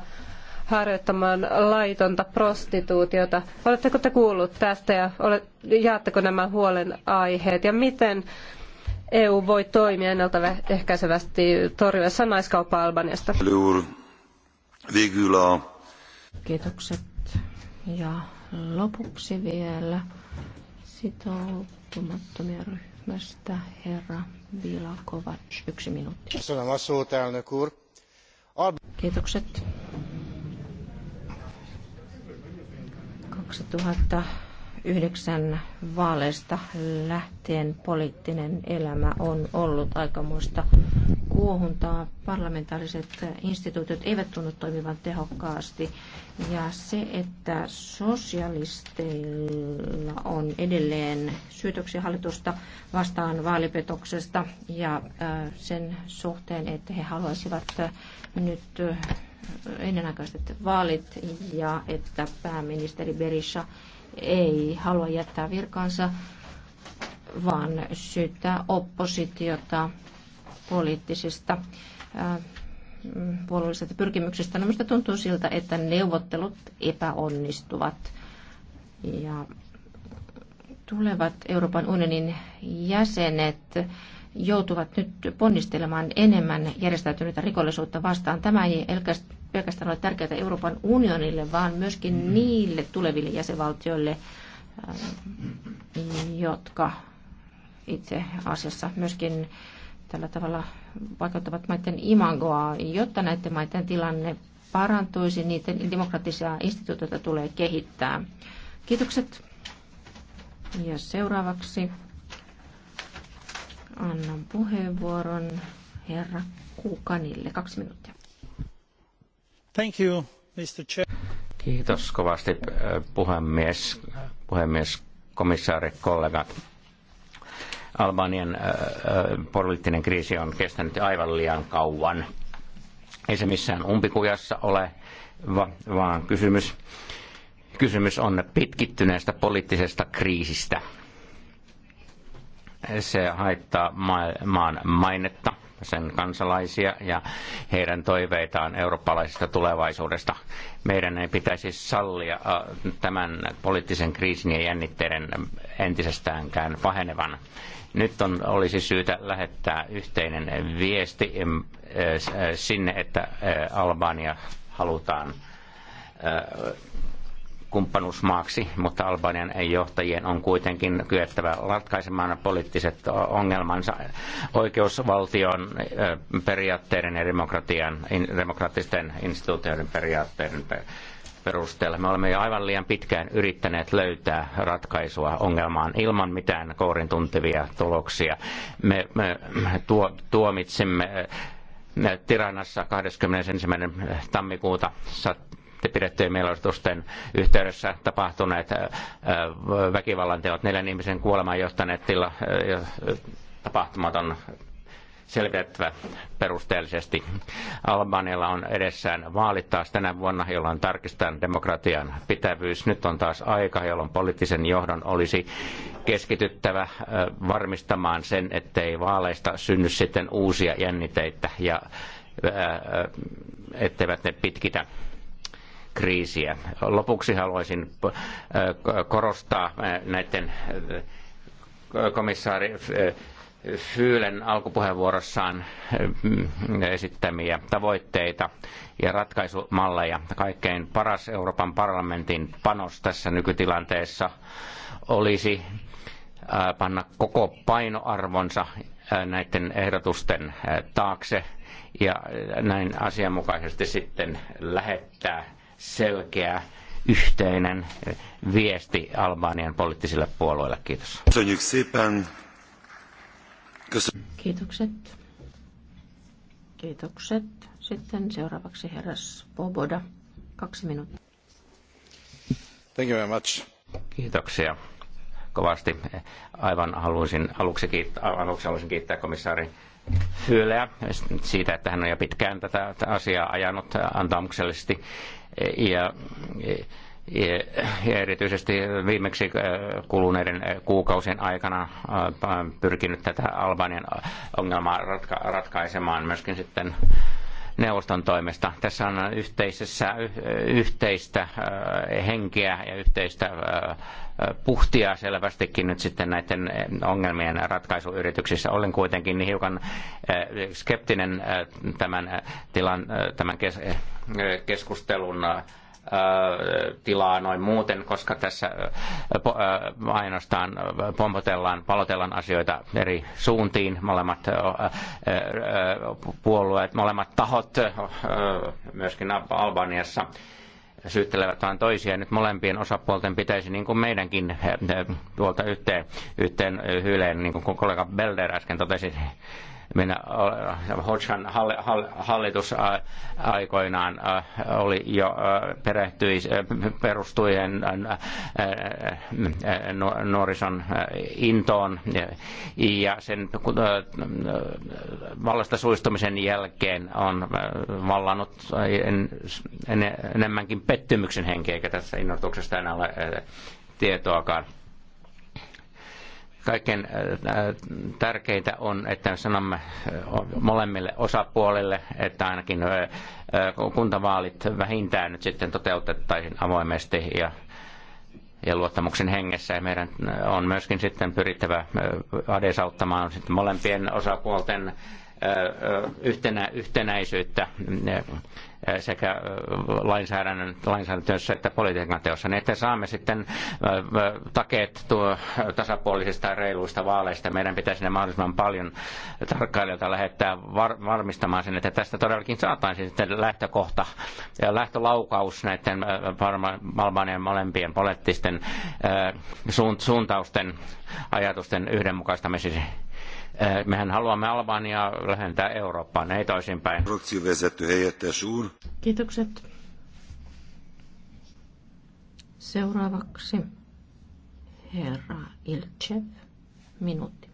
harjoittamaan laitonta prostituutiota. Oletteko te kuullut tästä ja jaatteko nämä huolenaiheet? Ja miten EU voi toimia ennaltaehkäisevästi torjuessa naiskauppaa Albaniasta? Kiitokset. Ja lopuksi vielä sitoutumattomia ryhmästä herra Vila yksi minuutti. Kiitokset. 2009 vaaleista lähtien poliittinen elämä on ollut aikamoista kuohuntaa. Parlamentaariset instituutiot eivät tunnu toimivan tehokkaasti. Ja se, että sosialisteilla on edelleen syytöksiä hallitusta vastaan vaalipetoksesta ja äh, sen suhteen, että he haluaisivat äh, nyt äh, ennenaikaiset vaalit ja että pääministeri Berisha ei halua jättää virkaansa, vaan syyttää oppositiota poliittisista äh, puolueellisista pyrkimyksistä. No, minusta tuntuu siltä, että neuvottelut epäonnistuvat. Ja tulevat Euroopan unionin jäsenet joutuvat nyt ponnistelemaan enemmän järjestäytynyttä rikollisuutta vastaan. Tämä ei pelkästään ole tärkeää Euroopan unionille, vaan myöskin niille tuleville jäsenvaltioille, äh, jotka itse asiassa myöskin tällä tavalla vaikuttavat maiden imagoa, jotta näiden maiden tilanne parantuisi, niiden demokratisia instituutioita tulee kehittää. Kiitokset. Ja seuraavaksi annan puheenvuoron herra Kukanille. Kaksi minuuttia. Thank you, Mr. Chair. Kiitos kovasti eh, puhemies, puhemies komissaari, kollegat Albanian äh, äh, poliittinen kriisi on kestänyt aivan liian kauan. Ei se missään umpikujassa ole, vaan kysymys, kysymys on pitkittyneestä poliittisesta kriisistä. Se haittaa maan mainetta, sen kansalaisia ja heidän toiveitaan eurooppalaisesta tulevaisuudesta. Meidän ei pitäisi sallia äh, tämän poliittisen kriisin ja jännitteiden entisestäänkään pahenevan. Nyt on, olisi syytä lähettää yhteinen viesti äh, sinne, että äh, Albania halutaan äh, kumppanuusmaaksi, mutta Albanian johtajien on kuitenkin kyettävä ratkaisemaan poliittiset ongelmansa oikeusvaltion periaatteiden ja demokratian, demokraattisten instituutioiden periaatteiden perusteella. Me olemme jo aivan liian pitkään yrittäneet löytää ratkaisua ongelmaan ilman mitään kourin tuntevia tuloksia. Me, me tuo, tuomitsimme Tiranassa 21. tammikuuta pidettyjen mielenosoitusten yhteydessä tapahtuneet teot neljän ihmisen kuolemaan johtaneet tila, tapahtumat on selvitettävä perusteellisesti. Albanialla on edessään vaalit taas tänä vuonna, jolloin tarkistetaan demokratian pitävyys. Nyt on taas aika, jolloin poliittisen johdon olisi keskityttävä varmistamaan sen, ettei vaaleista synny sitten uusia jänniteitä ja etteivät ne pitkitä kriisiä. Lopuksi haluaisin korostaa näiden komissaari Fyylen alkupuheenvuorossaan mm, esittämiä tavoitteita ja ratkaisumalleja. Kaikkein paras Euroopan parlamentin panos tässä nykytilanteessa olisi äh, panna koko painoarvonsa äh, näiden ehdotusten äh, taakse ja näin asianmukaisesti sitten lähettää selkeä yhteinen viesti Albanian poliittisille puolueille. Kiitos. Kiitokset. Kiitokset. Sitten seuraavaksi herras Svoboda. Kaksi minuuttia. Thank you very much. Kiitoksia kovasti. Aivan haluaisin, aluksi, kiittää, aluksi haluaisin kiittää komissaari Fyleä siitä, että hän on jo pitkään tätä, tätä asiaa ajanut äh, antamuksellisesti. Ja, ja erityisesti viimeksi äh, kuluneiden äh, kuukausien aikana äh, pyrkinyt tätä Albanian ongelmaa ratka- ratkaisemaan myöskin sitten neuvoston toimesta. Tässä on yhteisessä, yhteistä henkeä ja yhteistä puhtia selvästikin nyt sitten näiden ongelmien ratkaisuyrityksissä. Olen kuitenkin hiukan skeptinen tämän, tilan, tämän keskustelun tilaa noin muuten, koska tässä ainoastaan pompotellaan, palotellaan asioita eri suuntiin. Molemmat puolueet, molemmat tahot myöskin Albaniassa syyttelevät vain toisia. Nyt molempien osapuolten pitäisi niin kuin meidänkin tuolta yhteen, yhteen hyleen, niin kuin kollega Belder äsken totesi, minä, äh, Hodgson hallitus äh, aikoinaan äh, oli jo perehtyi, perustui nuorison intoon ja sen vallasta suistumisen jälkeen on vallannut enemmänkin pettymyksen henkeä, eikä tässä innostuksesta enää ole tietoakaan Kaikkein äh, tärkeintä on, että sanomme äh, molemmille osapuolille, että ainakin äh, kuntavaalit vähintään nyt sitten toteutettaisiin avoimesti ja ja luottamuksen hengessä. Ja meidän on myöskin sitten pyrittävä adesauttamaan sitten molempien osapuolten yhtenä, yhtenäisyyttä sekä lainsäädännön, lainsäädäntössä että politiikan teossa, niin että saamme sitten takeet tuo tasapuolisista ja reiluista vaaleista. Meidän pitäisi ne mahdollisimman paljon tarkkailijoita lähettää var- varmistamaan sen, että tästä todellakin saataisiin sitten lähtökohta ja lähtölaukaus näiden Malmanien molempien poliittisten suuntausten ajatusten yhdenmukaistamiseksi Eh, mehän haluamme Albaniaa lähentää Eurooppaan, ei toisinpäin. Kiitokset. Seuraavaksi herra Ilchev, minuutti.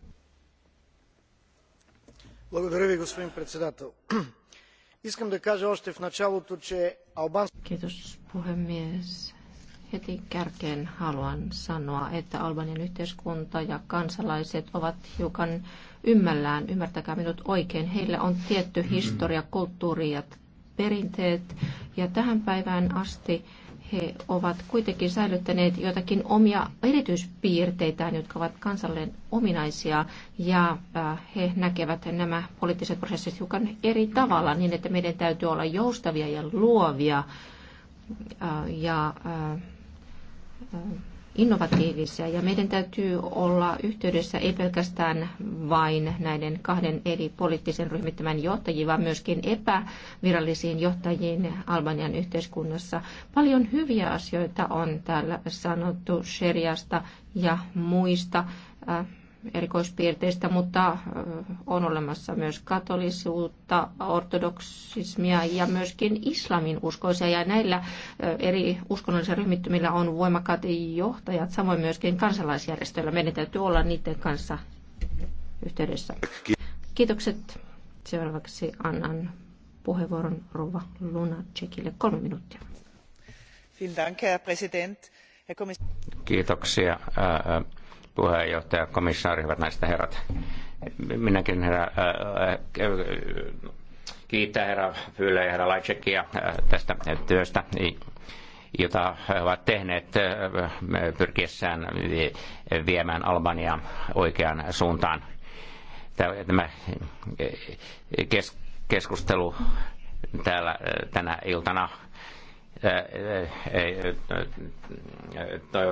Kiitos, puhemies. Heti kärkeen haluan sanoa, että Albanian yhteiskunta ja kansalaiset ovat hiukan ymmällään, ymmärtäkää minut oikein. Heillä on tietty mm-hmm. historia, kulttuuri ja perinteet ja tähän päivään asti he ovat kuitenkin säilyttäneet jotakin omia erityispiirteitään, jotka ovat kansalleen ominaisia, ja äh, he näkevät nämä poliittiset prosessit hiukan eri tavalla, niin että meidän täytyy olla joustavia ja luovia, äh, ja äh, innovatiivisia ja meidän täytyy olla yhteydessä ei pelkästään vain näiden kahden eri poliittisen ryhmittämän johtajiin, vaan myöskin epävirallisiin johtajiin Albanian yhteiskunnassa. Paljon hyviä asioita on täällä sanottu Sheriasta ja muista äh, erikoispiirteistä, mutta on olemassa myös katolisuutta, ortodoksismia ja myöskin islamin uskoisia. Ja näillä eri uskonnollisilla ryhmittymillä on voimakkaat johtajat, samoin myöskin kansalaisjärjestöillä. Meidän täytyy olla niiden kanssa yhteydessä. Kiitokset. Seuraavaksi annan puheenvuoron Rova Luna Tsekille Kolme minuuttia. Kiitoksia puheenjohtaja, komissaari, hyvät naiset herrat. Minäkin herra, äh, äh kiittää herra Fyyle ja herra Laitsekia äh, tästä työstä, jota he ovat tehneet äh, pyrkiessään viemään Albania oikeaan suuntaan. Tämä keskustelu täällä tänä iltana ei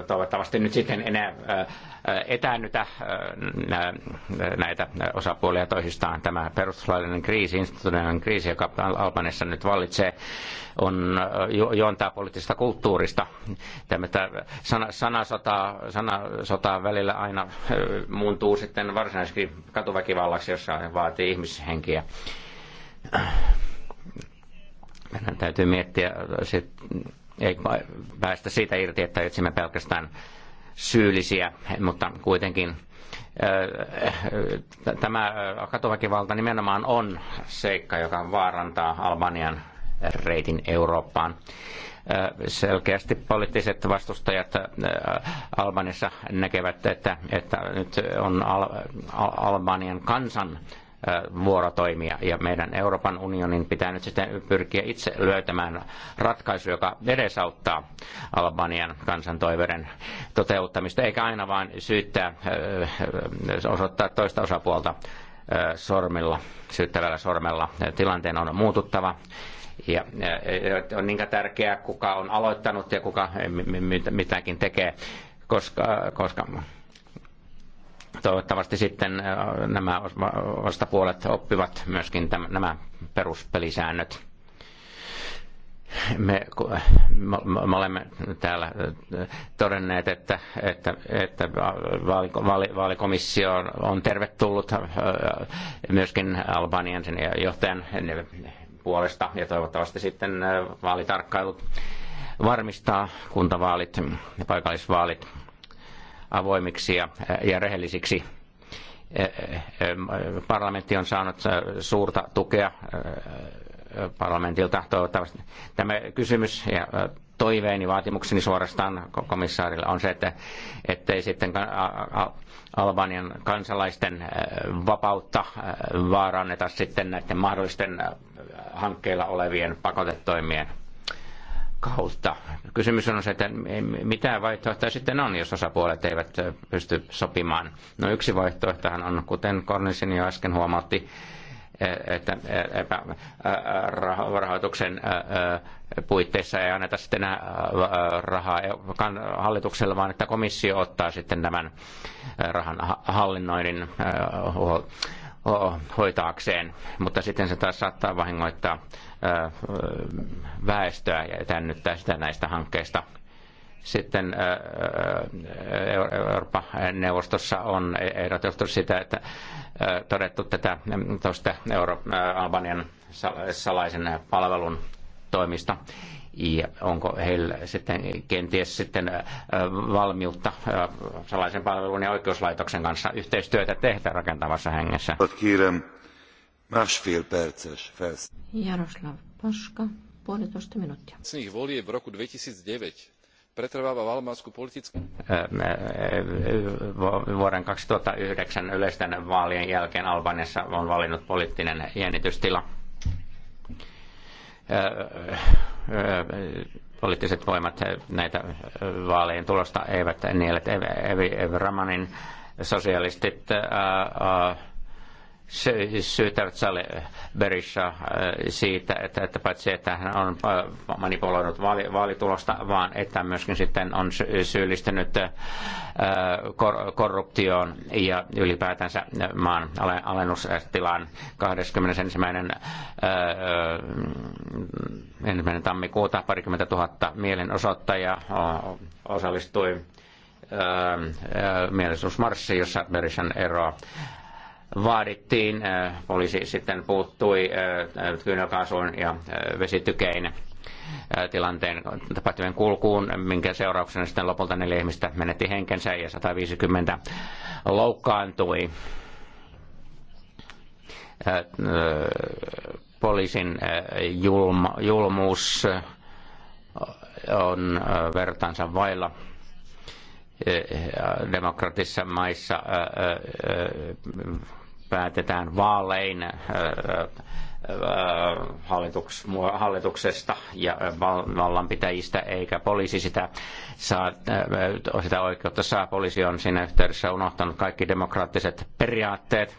toivottavasti nyt sitten enää etäännytä näitä osapuolia toisistaan. Tämä perustuslaillinen kriisi, instituutioiden kriisi, joka Albanessa nyt vallitsee, on juontaa poliittisesta kulttuurista. Tämä sana, sanasotaa välillä aina muuntuu sitten varsinaisesti katuväkivallaksi, jossa vaatii ihmishenkiä meidän täytyy miettiä, sit, ei päästä siitä irti, että etsimme pelkästään syyllisiä, mutta kuitenkin tämä katuväkivalta nimenomaan on seikka, joka vaarantaa Albanian reitin Eurooppaan. Selkeästi poliittiset vastustajat Albanissa näkevät, että, että nyt on Al- Albanian kansan vuorotoimia. Ja meidän Euroopan unionin pitää nyt sitten pyrkiä itse löytämään ratkaisu, joka edesauttaa Albanian kansantoiveiden toteuttamista, eikä aina vain syyttää, osoittaa toista osapuolta sormilla, syyttävällä sormella. Tilanteen on muututtava. Ja on niin tärkeää, kuka on aloittanut ja kuka mitäkin tekee, koska, koska Toivottavasti sitten äh, nämä vastapuolet oppivat myöskin tämän, nämä peruspelisäännöt. Me, me, olemme täällä äh, todenneet, että, että, että vaalikomissio on tervetullut äh, myöskin Albanian sen johtajan puolesta ja toivottavasti sitten vaalitarkkailut varmistaa kuntavaalit ja paikallisvaalit avoimiksi ja, ja rehellisiksi. E, e, parlamentti on saanut äh, suurta tukea äh, parlamentilta toivottavasti. Tämä kysymys ja äh, toiveeni, vaatimukseni suorastaan komissaarille on se, että ettei sitten Albanian kansalaisten vapautta vaaranneta sitten näiden mahdollisten hankkeilla olevien pakotetoimien kautta. Kysymys on se, että mitä vaihtoehtoja sitten on, jos osapuolet eivät pysty sopimaan. No yksi vaihtoehtohan on, kuten Kornisin jo äsken huomautti, e- että e- rahoituksen puitteissa ei anneta sitten rahaa e- hallitukselle, vaan että komissio ottaa sitten tämän rahan hallinnoinnin hoitaakseen, mutta sitten se taas saattaa vahingoittaa väestöä ja tännyttää sitä näistä hankkeista. Sitten Euroopan neuvostossa on ehdotettu sitä, että todettu tätä tuosta Albanian salaisen palvelun toimista. Ja onko heillä sitten kenties sitten valmiutta salaisen palvelun ja oikeuslaitoksen kanssa yhteistyötä tehdä rakentavassa hengessä? Másfél perces felsz. Jaroslav Paška, puolitoista minuuttia. volieb v roku 2009 pretrváva v Albánsku politický... Vuoden 2009 yleisten vaalien jälkeen Albaniassa on valinnut poliittinen jännitystila. Poliittiset voimat näitä vaalien tulosta eivät niille. Evi Ramanin sosialistit ää, ää, syyttävät Sally Berisha äh, siitä, että, että paitsi että hän on äh, manipuloinut vaali, vaalitulosta, vaan että myöskin sitten on syyllistynyt äh, kor, korruptioon ja ylipäätänsä maan alennustilaan 21. ensimmäinen tammikuuta parikymmentä tuhatta mielenosoittajaa osallistui mielisuusmarssiin, jossa Berishan eroa vaadittiin, äh, poliisi sitten puuttui äh, kyynelkaasuun ja äh, vesitykein tilanteen tapahtumien kulkuun, minkä seurauksena sitten lopulta neljä ihmistä menetti henkensä ja 150 loukkaantui. Poliisin julma, julmuus on vertansa vailla Demokratissa maissa päätetään vaalein hallituksesta ja vallanpitäjistä, eikä poliisi sitä, saa, sitä oikeutta saa. Poliisi on siinä yhteydessä unohtanut kaikki demokraattiset periaatteet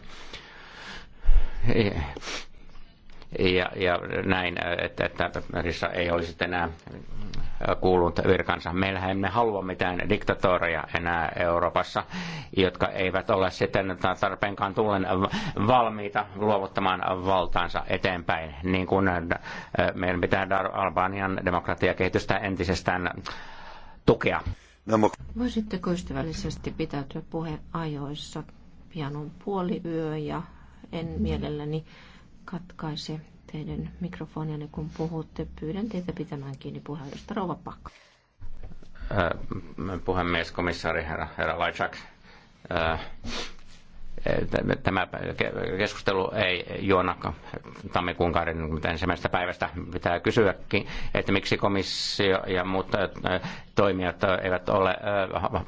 ja, ja näin, että, että Rissa ei olisi enää kuulunut virkansa. Meillähän emme halua mitään diktatoria enää Euroopassa, jotka eivät ole sitten tarpeenkaan tullen valmiita luovuttamaan valtaansa eteenpäin, niin kuin äh, meidän pitää Dar Albanian demokratiakehitystä entisestään tukea. Voisitteko ystävällisesti pitäytyä ajoissa? Pian on puoli yö ja en mielelläni katkaise teidän mikrofonianne, niin kun puhutte. Pyydän teitä pitämään kiinni puheenjohtaja Rouva Pakko. Äh, puhemies, komissaari, herra, herra Lajczak. Äh, e, tämä keskustelu ei juona tammikuun 21. päivästä. Pitää kysyäkin, että miksi komissio ja muut äh, toimijat eivät ole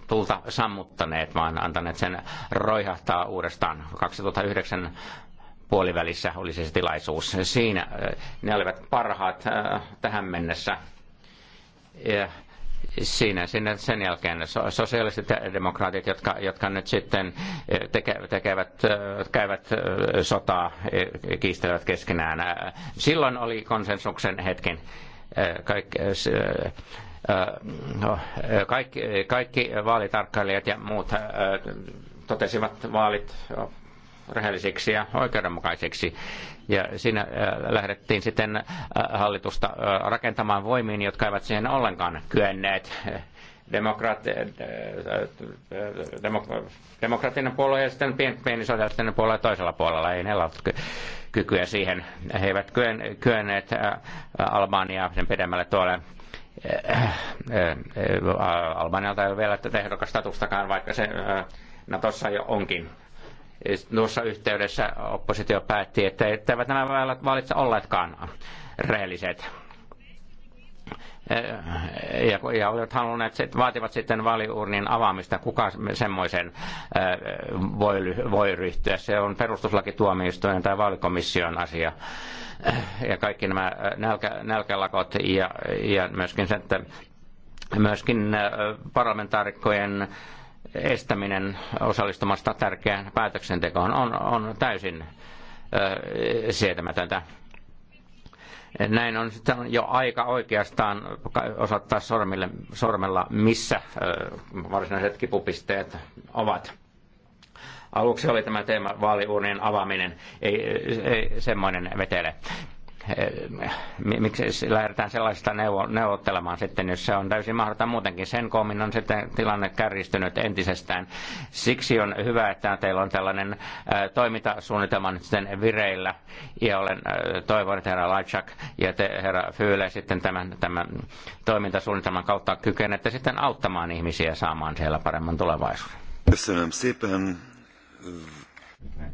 tulta sammuttaneet, vaan antaneet sen roihahtaa uudestaan. 2009 puolivälissä oli se tilaisuus. Siinä ne olivat parhaat tähän mennessä. Ja siinä sinne sen jälkeen sosiaaliset demokraatit, jotka, jotka nyt sitten teke, tekevät, käyvät sotaa, kiistelevät keskenään. Silloin oli konsensuksen hetken. Kaik, kaikki, kaikki vaalitarkkailijat ja muut totesivat vaalit rehelliseksi ja oikeudenmukaisiksi. Ja siinä äh, lähdettiin sitten äh, hallitusta äh, rakentamaan voimiin, jotka eivät siihen ollenkaan kyenneet demokraattinen puolue ja sitten pieni pienisosialistinen puolue toisella puolella. Ei heillä ollut kykyä siihen. He eivät kyenneet Albaniaa sen pidemmälle tuolle Albanialta ei ole vielä ehdokas statustakaan, vaikka se Natossa jo onkin Tuossa yhteydessä oppositio päätti, että eivät nämä vaalit olleetkaan rehelliset eh, ja, ja olivat halunneet, vaativat sitten valiurnin avaamista, kuka semmoisen eh, voi, voi ryhtyä. Se on perustuslakituomioistuin tai vaalikomission asia. Eh, ja kaikki nämä nälkä, nälkälakot ja, ja myöskin se, että myöskin parlamentaarikkojen estäminen osallistumasta tärkeään päätöksentekoon on, on täysin ö, sietämätöntä. Näin on sitten jo aika oikeastaan osoittaa sormille, sormella, missä ö, varsinaiset kipupisteet ovat. Aluksi oli tämä teema vaaliuurnien avaaminen, ei, ei semmoinen vetele. Eh, miksi lähdetään sellaista neuvottelemaan sitten, jos se on täysin mahdoton muutenkin. Sen koomin on sitten tilanne kärjistynyt entisestään. Siksi on hyvä, että teillä on tällainen eh, toimintasuunnitelma nyt sitten vireillä. Ja olen eh, toivonut herra Lajczak ja te, herra Fyyle sitten tämän, tämän toimintasuunnitelman kautta kykenette sitten auttamaan ihmisiä saamaan siellä paremman tulevaisuuden.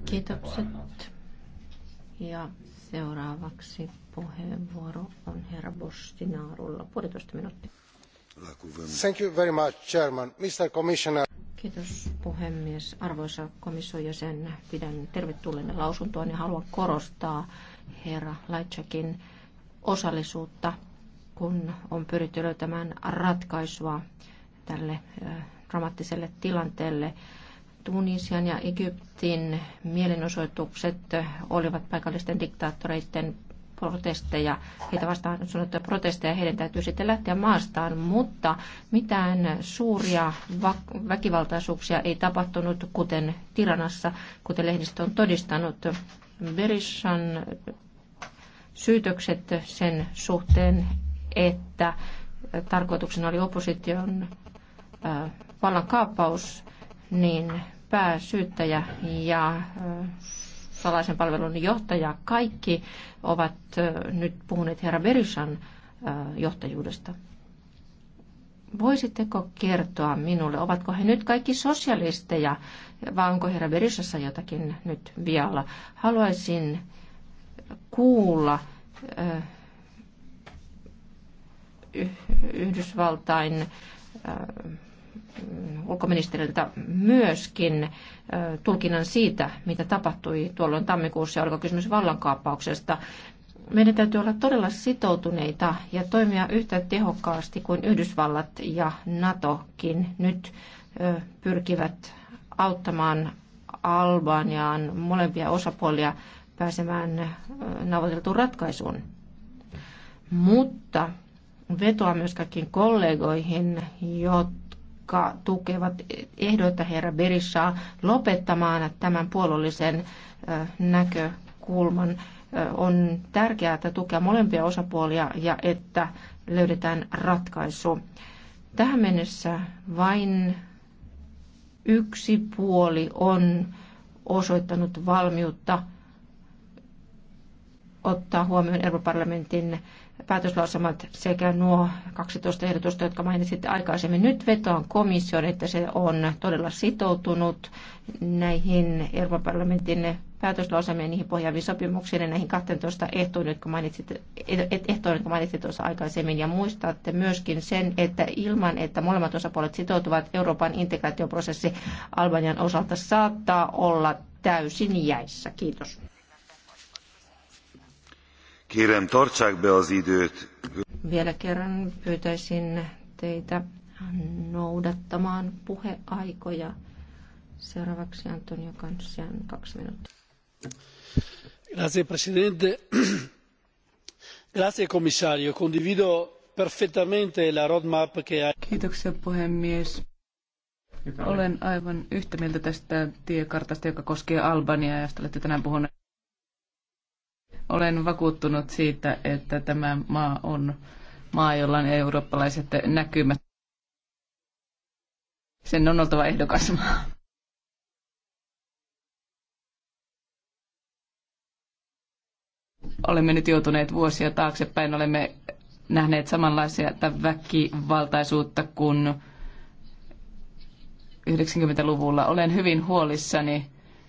Kiitokset. Ja Seuraavaksi puheenvuoro on herra Bostinaarulla. Puolitoista minuuttia. Thank you very much, Chairman. Mr. Commissioner. Kiitos puhemies. Arvoisa komission jäsen, pidän tervetulleena lausuntoa ja haluan korostaa herra Laitsakin osallisuutta, kun on pyritty löytämään ratkaisua tälle dramaattiselle tilanteelle. Tunisian ja Egyptin mielenosoitukset olivat paikallisten diktaattoreiden protesteja, heitä vastaan sanottuja protesteja, heidän täytyy sitten lähteä maastaan, mutta mitään suuria väkivaltaisuuksia ei tapahtunut, kuten Tiranassa, kuten lehdistö on todistanut. Berishan syytökset sen suhteen, että tarkoituksena oli opposition äh, kaappaus, niin pääsyyttäjä ja salaisen palvelun johtaja, kaikki ovat nyt puhuneet herra Berishan johtajuudesta. Voisitteko kertoa minulle, ovatko he nyt kaikki sosialisteja vai onko herra Berishassa jotakin nyt vialla? Haluaisin kuulla Yhdysvaltain ulkoministeriltä myöskin tulkinnan siitä, mitä tapahtui tuolloin tammikuussa, ja oliko kysymys vallankaappauksesta. Meidän täytyy olla todella sitoutuneita ja toimia yhtä tehokkaasti kuin Yhdysvallat ja NATOkin nyt pyrkivät auttamaan Albaniaan molempia osapuolia pääsemään neuvoteltuun ratkaisuun. Mutta vetoa myös kaikkiin kollegoihin, jotta jotka tukevat ehdoita herra Berishaa lopettamaan tämän puolueellisen näkökulman. On tärkeää, että tukea molempia osapuolia ja että löydetään ratkaisu. Tähän mennessä vain yksi puoli on osoittanut valmiutta ottaa huomioon Euroopan parlamentin päätöslausumat sekä nuo 12 ehdotusta, jotka mainitsitte aikaisemmin. Nyt vetoan komission, että se on todella sitoutunut näihin Euroopan parlamentin päätöslauselmiin, niihin pohjaaviin sopimuksiin ja näihin 12 ehtoihin, jotka mainitsitte, ehtoihin, jotka mainitsitte tuossa aikaisemmin. Ja muistatte myöskin sen, että ilman, että molemmat osapuolet sitoutuvat, Euroopan integraatioprosessi Albanian osalta saattaa olla täysin jäissä. Kiitos. Kérem, tartsák be az időt. Vielä kerran pyytäisin teitä noudattamaan puheaikoja. Seuraavaksi Antonio Kansian kaksi minuuttia. Grazie Presidente. Grazie Commissario. Condivido perfettamente la roadmap che ha... Kiitoksia puhemies. Olen aivan yhtä mieltä tästä tiekartasta, joka koskee Albaniaa, josta olette tänään puhuneet. Olen vakuuttunut siitä, että tämä maa on maa, jolla on eurooppalaiset näkymät. Sen on oltava ehdokas maa. Olemme nyt joutuneet vuosia taaksepäin. Olemme nähneet samanlaisia väkivaltaisuutta kuin 90-luvulla. Olen hyvin huolissani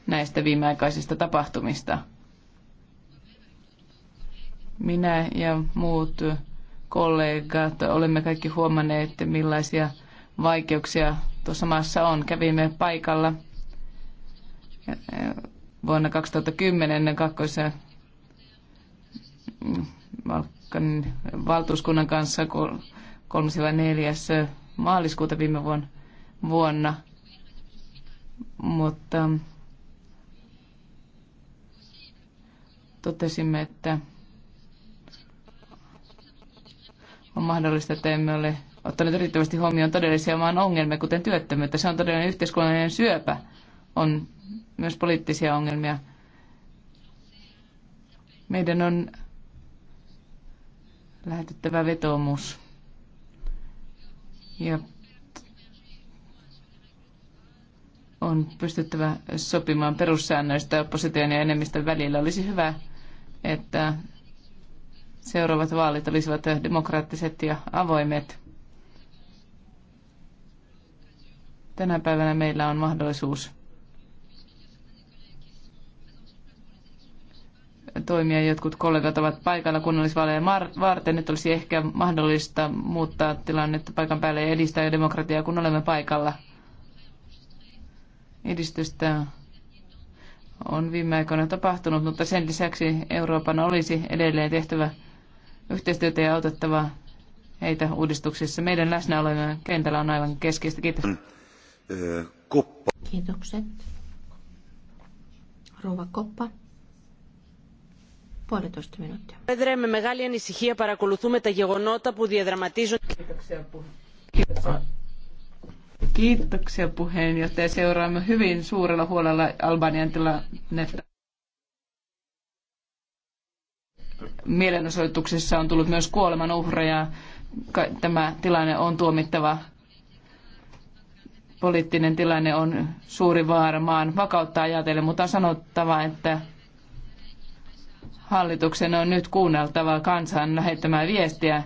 näistä viimeaikaisista tapahtumista. Minä ja muut kollegat olemme kaikki huomanneet, millaisia vaikeuksia tuossa maassa on. Kävimme paikalla vuonna 2010 kakkoisen Valkan valtuuskunnan kanssa 3.4. maaliskuuta viime vuonna. vuonna. Mutta totesimme, että on mahdollista, että emme ole ottaneet riittävästi huomioon todellisia maan ongelmia, kuten työttömyyttä. Se on todellinen yhteiskunnallinen syöpä. On myös poliittisia ongelmia. Meidän on lähetettävä vetoomus. Ja on pystyttävä sopimaan perussäännöistä opposition ja enemmistön välillä. Olisi hyvä, että seuraavat vaalit olisivat demokraattiset ja avoimet. Tänä päivänä meillä on mahdollisuus toimia. Jotkut kollegat ovat paikalla kunnallisvaaleja varten. Nyt olisi ehkä mahdollista muuttaa tilannetta paikan päälle ja edistää jo demokratiaa, kun olemme paikalla. Edistystä on viime aikoina tapahtunut, mutta sen lisäksi Euroopan olisi edelleen tehtävä yhteistyötä ja autettava heitä uudistuksissa. Meidän läsnäolemme kentällä on aivan keskeistä. Kiitos. Mm. Koppa. Kiitokset. Rouva Koppa. Puolitoista minuuttia. Πρόεδρε, Megalien μεγάλη ανησυχία παρακολουθούμε τα γεγονότα που διαδραματίζουν... Kiitoksia, Kiitoksia. Kiitoksia puheenjohtaja. Seuraamme hyvin suurella huolella Albanian tilannetta. mielenosoituksissa on tullut myös kuolemanuhreja. Tämä tilanne on tuomittava. Poliittinen tilanne on suuri vaara maan vakautta ajatellen, mutta on sanottava, että hallituksen on nyt kuunneltava kansan lähettämää viestiä.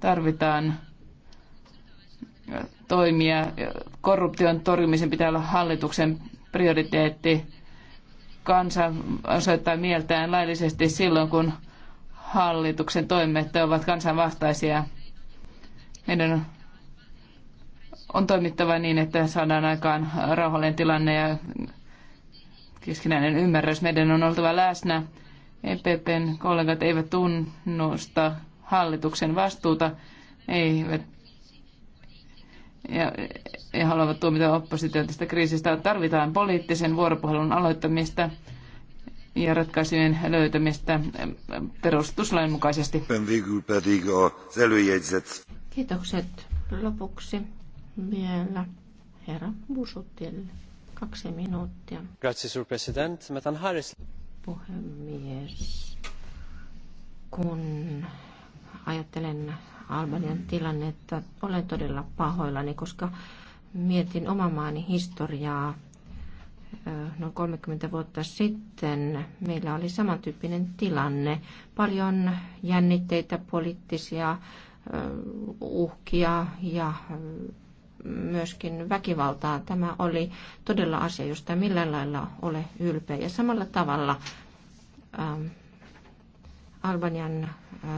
Tarvitaan toimia. Korruption torjumisen pitää olla hallituksen prioriteetti kansa osoittaa mieltään laillisesti silloin, kun hallituksen toimet ovat kansanvastaisia. Meidän on toimittava niin, että saadaan aikaan rauhallinen tilanne ja keskinäinen ymmärrys. Meidän on oltava läsnä. EPPn kollegat eivät tunnusta hallituksen vastuuta, eivät ja, ja haluavat tuomita oppositio tästä kriisistä. Tarvitaan poliittisen vuoropuhelun aloittamista ja ratkaisujen löytämistä perustuslain mukaisesti. Kiitokset. Lopuksi vielä herra Busutille. Kaksi minuuttia. Grazie, sur president. Metan Harris. Puhemies, kun ajattelen Albanian tilanne, että Olen todella pahoillani, koska mietin oman maani historiaa. Noin 30 vuotta sitten meillä oli samantyyppinen tilanne. Paljon jännitteitä, poliittisia uhkia ja myöskin väkivaltaa. Tämä oli todella asia, josta millään lailla ole ylpeä. Ja samalla tavalla Albanian äh,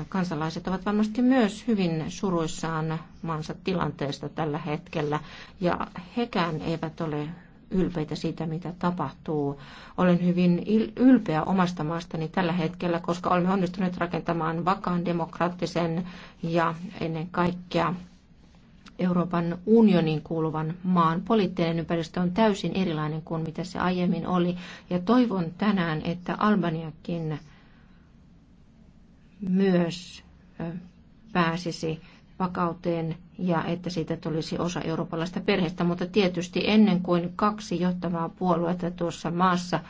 kansalaiset ovat varmasti myös hyvin suruissaan maansa tilanteesta tällä hetkellä, ja hekään eivät ole ylpeitä siitä, mitä tapahtuu. Olen hyvin ylpeä omasta maastani tällä hetkellä, koska olemme onnistuneet rakentamaan vakaan, demokraattisen ja ennen kaikkea Euroopan unionin kuuluvan maan poliittinen ympäristö on täysin erilainen kuin mitä se aiemmin oli. Ja toivon tänään, että Albaniakin myös pääsisi vakauteen ja että siitä tulisi osa eurooppalaista perhettä. Mutta tietysti ennen kuin kaksi johtavaa puoluetta tuossa maassa,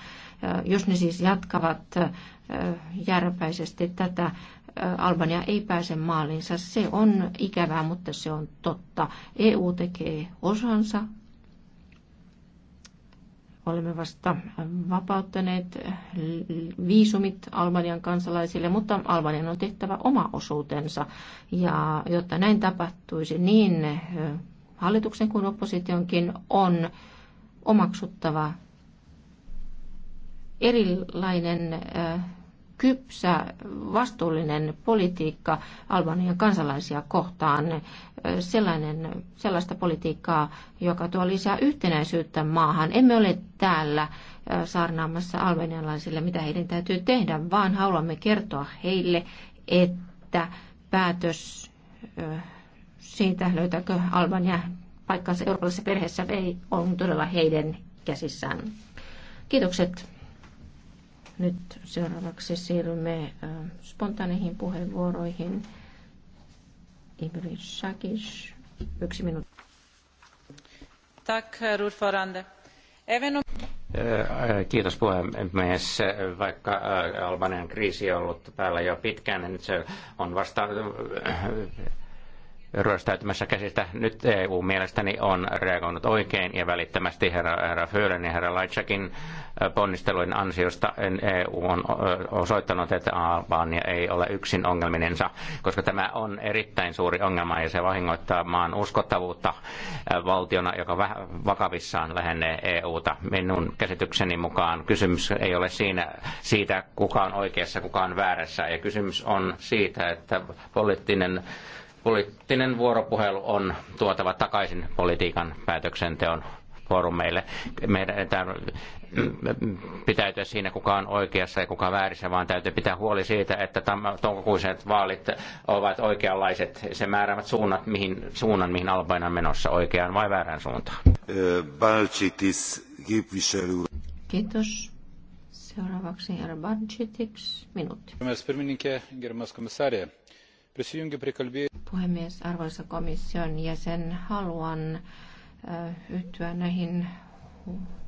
jos ne siis jatkavat järpäisesti tätä, Albania ei pääse maaliinsa. Se on ikävää, mutta se on totta. EU tekee osansa, Olemme vasta vapauttaneet viisumit Albanian kansalaisille, mutta Albanian on tehtävä oma osuutensa. Ja jotta näin tapahtuisi, niin hallituksen kuin oppositionkin on omaksuttava erilainen kypsä, vastuullinen politiikka Albanian kansalaisia kohtaan, sellainen, sellaista politiikkaa, joka tuo lisää yhtenäisyyttä maahan. Emme ole täällä äh, saarnaamassa albanialaisille, mitä heidän täytyy tehdä, vaan haluamme kertoa heille, että päätös äh, siitä, löytääkö Albania paikkansa eurooppalaisessa perheessä, ei ole todella heidän käsissään. Kiitokset. Nyt seuraavaksi siirrymme spontaaneihin puheenvuoroihin. Ibris Sakis, yksi minuutti. Tack, herr Kiitos puhemies. Vaikka Albanian kriisi on ollut päällä jo pitkään, niin nyt se on vasta ryöstäytymässä käsistä. Nyt EU mielestäni on reagoinut oikein ja välittömästi herra, herra Föhlen ja herra Laitsakin ponnistelujen ansiosta EU e on osoittanut, että Albania ei ole yksin ongelminensa, koska tämä on erittäin suuri ongelma ja se vahingoittaa maan uskottavuutta valtiona, joka vakavissaan lähenee EUta. Minun käsitykseni mukaan kysymys ei ole siinä, siitä, kuka on oikeassa, kuka on väärässä ja kysymys on siitä, että poliittinen Poliittinen vuoropuhelu on tuotava takaisin politiikan päätöksenteon foorumeille. Meidän pitäytyä siinä kukaan oikeassa ja kukaan väärissä, vaan täytyy pitää huoli siitä, että toukokuiset vaalit ovat oikeanlaiset. Se määräävät suunnat, mihin, suunnan, mihin Albania on menossa, oikeaan vai väärään suuntaan. Kiitos. Seuraavaksi herra Balčitiks, minuutti. Herra pirmininkė, Puhemies, arvoisa komission jäsen, haluan äh, yhtyä näihin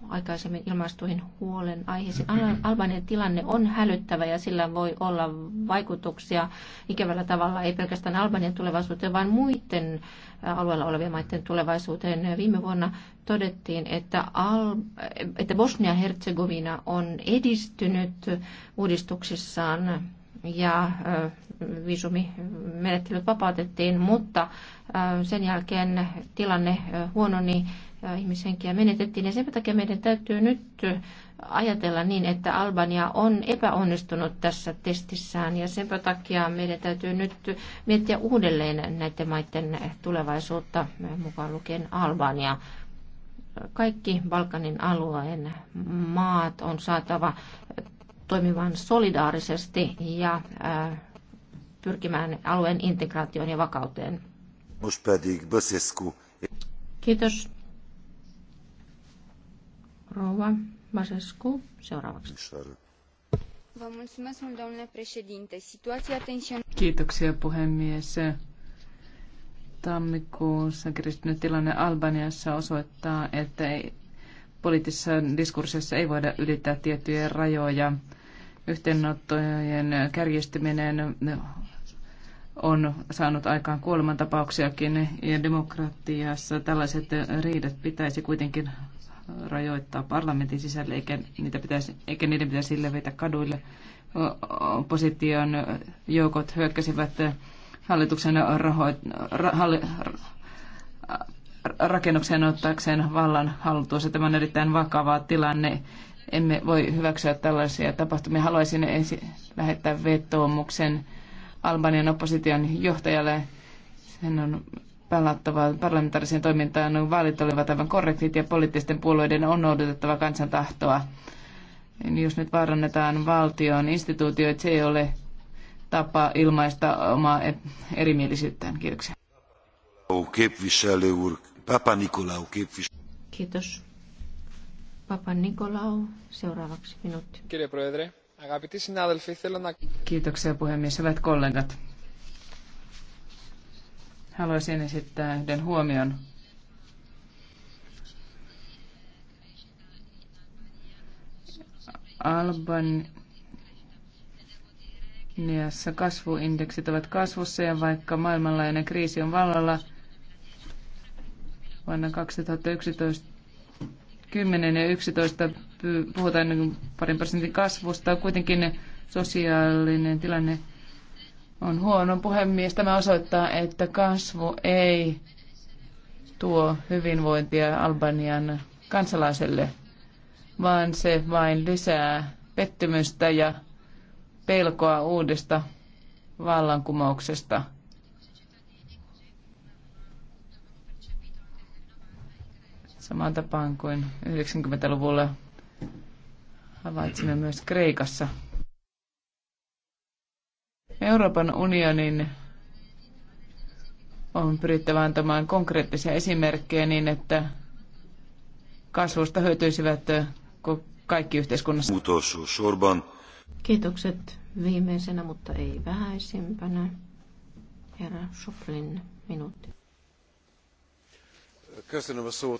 aikaisemmin ilmaistuihin huolen aiheisiin. Albanian tilanne on hälyttävä ja sillä voi olla vaikutuksia ikävällä tavalla ei pelkästään Albanian tulevaisuuteen, vaan muiden äh, alueella olevien maiden tulevaisuuteen. Viime vuonna todettiin, että, Al- että Bosnia-Herzegovina on edistynyt uudistuksissaan ja viisumimenettelyt vapautettiin, mutta sen jälkeen tilanne huononi, ihmishenkiä menetettiin ja sen takia meidän täytyy nyt ajatella niin, että Albania on epäonnistunut tässä testissään ja sen takia meidän täytyy nyt miettiä uudelleen näiden maiden tulevaisuutta, mukaan lukien Albania kaikki Balkanin alueen maat on saatava toimimaan solidaarisesti ja äh, pyrkimään alueen integraatioon ja vakauteen. Kiitos. Rova Basescu, seuraavaksi. Kiitoksia puhemies. Tammikuussa kiristynyt tilanne Albaniassa osoittaa, että ei, poliittisessa diskurssissa ei voida ylittää tiettyjä rajoja yhteenottojen kärjistyminen on saanut aikaan kuolemantapauksiakin ja demokratiassa tällaiset riidat pitäisi kuitenkin rajoittaa parlamentin sisälle, eikä, niitä pitäisi, eikä niiden pitäisi levitä kaduille. Opposition joukot hyökkäsivät hallituksen raho, ra, halli, ra, rakennuksen ottaakseen vallan haltuun. Tämä on erittäin vakava tilanne emme voi hyväksyä tällaisia tapahtumia. Haluaisin ensin lähettää vetoomuksen Albanian opposition johtajalle. Sen on palattava parlamentaariseen toimintaan. Vaalit olivat aivan korrektit ja poliittisten puolueiden on noudatettava kansan tahtoa. Jos nyt vaarannetaan valtion instituutioita, se ei ole tapa ilmaista omaa e- erimielisyyttään. Kiitoksia. Kiitos. Papa Kiitoksia puhemies, hyvät kollegat. Haluaisin esittää yhden huomion. Albaniassa kasvuindeksit ovat kasvussa ja vaikka maailmanlaajuinen kriisi on vallalla, vuonna 2011 10 ja 11 puhutaan parin prosentin kasvusta. Kuitenkin sosiaalinen tilanne on huono. Puhemies, tämä osoittaa, että kasvu ei tuo hyvinvointia Albanian kansalaiselle, vaan se vain lisää pettymystä ja pelkoa uudesta vallankumouksesta. Samaan tapaan kuin 90-luvulla havaitsimme myös Kreikassa. Euroopan unionin on pyrittävä antamaan konkreettisia esimerkkejä niin, että kasvusta hyötyisivät äh, kaikki yhteiskunnassa. Kiitokset viimeisenä, mutta ei vähäisimpänä. Herra Schoflin, minuutti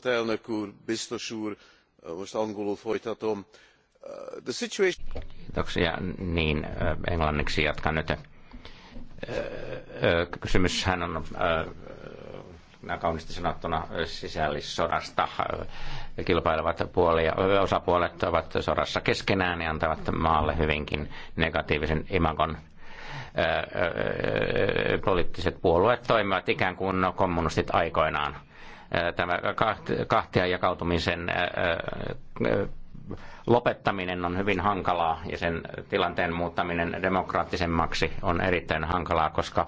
elnök úr biztos úr most angolul folytatom. Uh, the situation... Kiitoksia. Niin, uh, englanniksi jatkan nyt. Uh, kysymyshän on kauniisti sanottuna sisällissodasta. Kilpailevat puoli ja osapuolet ovat sodassa keskenään ja antavat maalle hyvinkin negatiivisen imagon poliittiset puolueet toimivat ikään kuin kommunistit aikoinaan tämä kahtia jakautumisen lopettaminen on hyvin hankalaa ja sen tilanteen muuttaminen demokraattisemmaksi on erittäin hankalaa, koska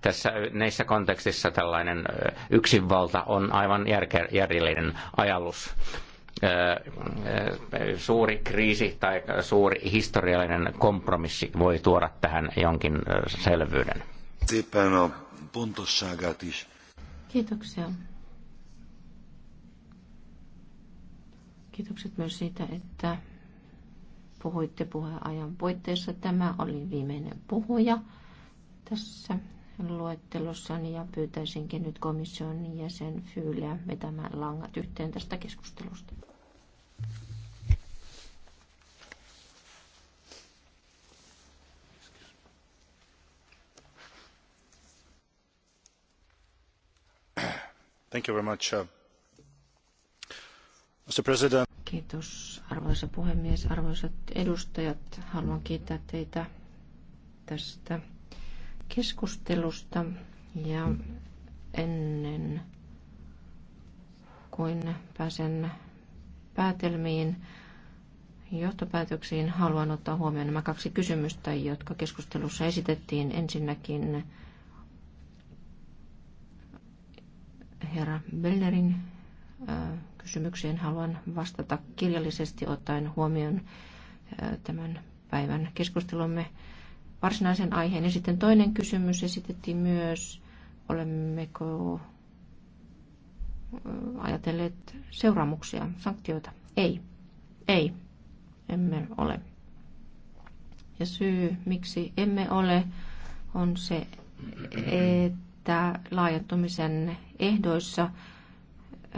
tässä näissä kontekstissa tällainen yksinvalta on aivan järjellinen ajallus suuri kriisi tai suuri historiallinen kompromissi voi tuoda tähän jonkin selvyyden. Kiitoksia Kiitokset myös siitä, että puhuitte puheajan puitteissa. Tämä oli viimeinen puhuja tässä luettelossani ja pyytäisinkin nyt komission jäsen Fyyliä vetämään langat yhteen tästä keskustelusta. Thank you very much. Uh, Kiitos arvoisa puhemies, arvoisat edustajat. Haluan kiittää teitä tästä keskustelusta ja ennen kuin pääsen päätelmiin, johtopäätöksiin haluan ottaa huomioon nämä kaksi kysymystä, jotka keskustelussa esitettiin. Ensinnäkin herra Bellerin äh, kysymykseen haluan vastata kirjallisesti ottaen huomioon tämän päivän keskustelumme varsinaisen aiheen. Ja sitten toinen kysymys esitettiin myös, olemmeko ajatelleet seuraamuksia, sanktioita? Ei. Ei. Emme ole. Ja syy, miksi emme ole, on se, että laajentumisen ehdoissa –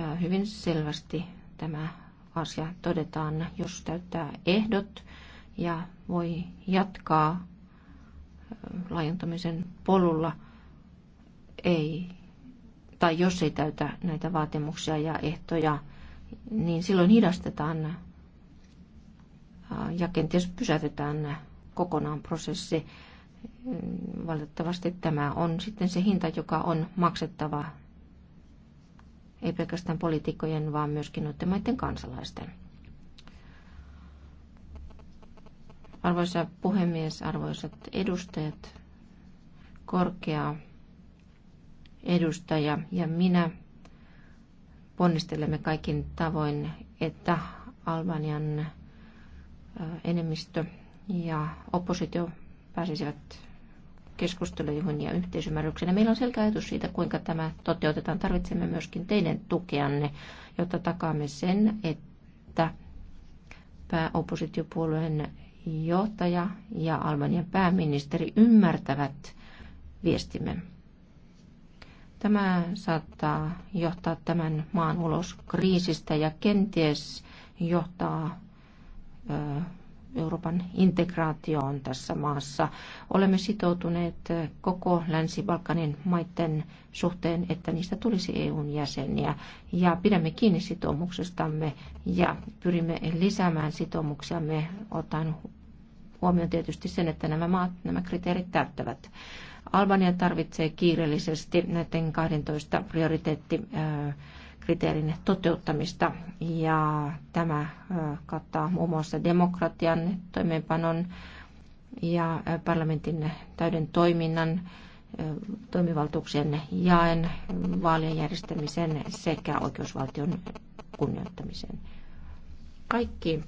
Äh, hyvin selvästi tämä asia todetaan, jos täyttää ehdot ja voi jatkaa äh, laajentamisen polulla, ei, tai jos ei täytä näitä vaatimuksia ja ehtoja, niin silloin hidastetaan äh, ja kenties pysäytetään kokonaan prosessi. Valitettavasti tämä on sitten se hinta, joka on maksettava ei pelkästään poliitikkojen, vaan myöskin noiden maiden kansalaisten. Arvoisa puhemies, arvoisat edustajat, korkea edustaja ja minä ponnistelemme kaikin tavoin, että Albanian enemmistö ja oppositio pääsisivät keskusteluihin ja yhteisymmärrykseen. Meillä on selkeä ajatus siitä, kuinka tämä toteutetaan. Tarvitsemme myöskin teidän tukeanne, jotta takaamme sen, että pääoppositiopuolueen johtaja ja Albanian pääministeri ymmärtävät viestimme. Tämä saattaa johtaa tämän maan ulos kriisistä ja kenties johtaa Euroopan integraatioon tässä maassa. Olemme sitoutuneet koko Länsi-Balkanin maiden suhteen, että niistä tulisi EUn jäseniä ja pidämme kiinni sitoumuksestamme ja pyrimme lisäämään sitoumuksiamme ottaen huomioon tietysti sen, että nämä maat nämä kriteerit täyttävät. Albania tarvitsee kiireellisesti näiden 12 prioriteetti kriteerin toteuttamista. Ja tämä kattaa muun muassa demokratian toimeenpanon ja parlamentin täyden toiminnan, toimivaltuuksien jaen, vaalien järjestämisen sekä oikeusvaltion kunnioittamisen. Kaikki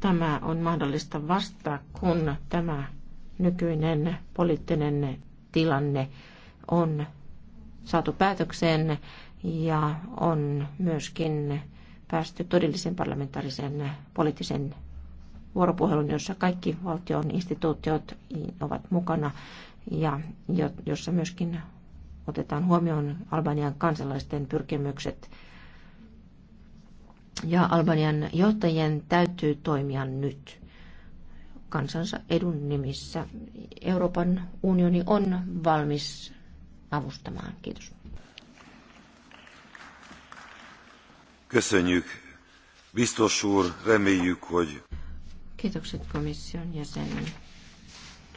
tämä on mahdollista vasta, kun tämä nykyinen poliittinen tilanne on saatu päätökseen ja on myöskin päästy todellisen parlamentaarisen poliittisen vuoropuhelun, jossa kaikki valtion instituutiot ovat mukana ja jossa myöskin otetaan huomioon Albanian kansalaisten pyrkimykset. Ja Albanian johtajien täytyy toimia nyt kansansa edun nimissä. Euroopan unioni on valmis avustamaan. Kiitos. Köszönjük. Biztos úr, reméljük, hogy... Kiitokset komission jäsenen.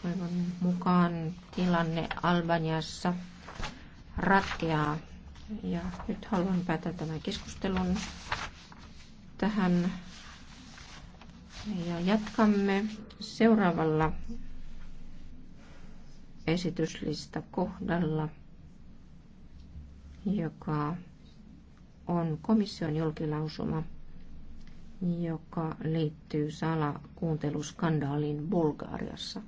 Toivon mukaan tilanne Albaniassa ratkeaa. Ja nyt haluan päättää tämän keskustelun tähän. Ja jatkamme seuraavalla esityslista kohdalla, joka on komission julkilausuma, joka liittyy salakuunteluskandaaliin Bulgaariassa.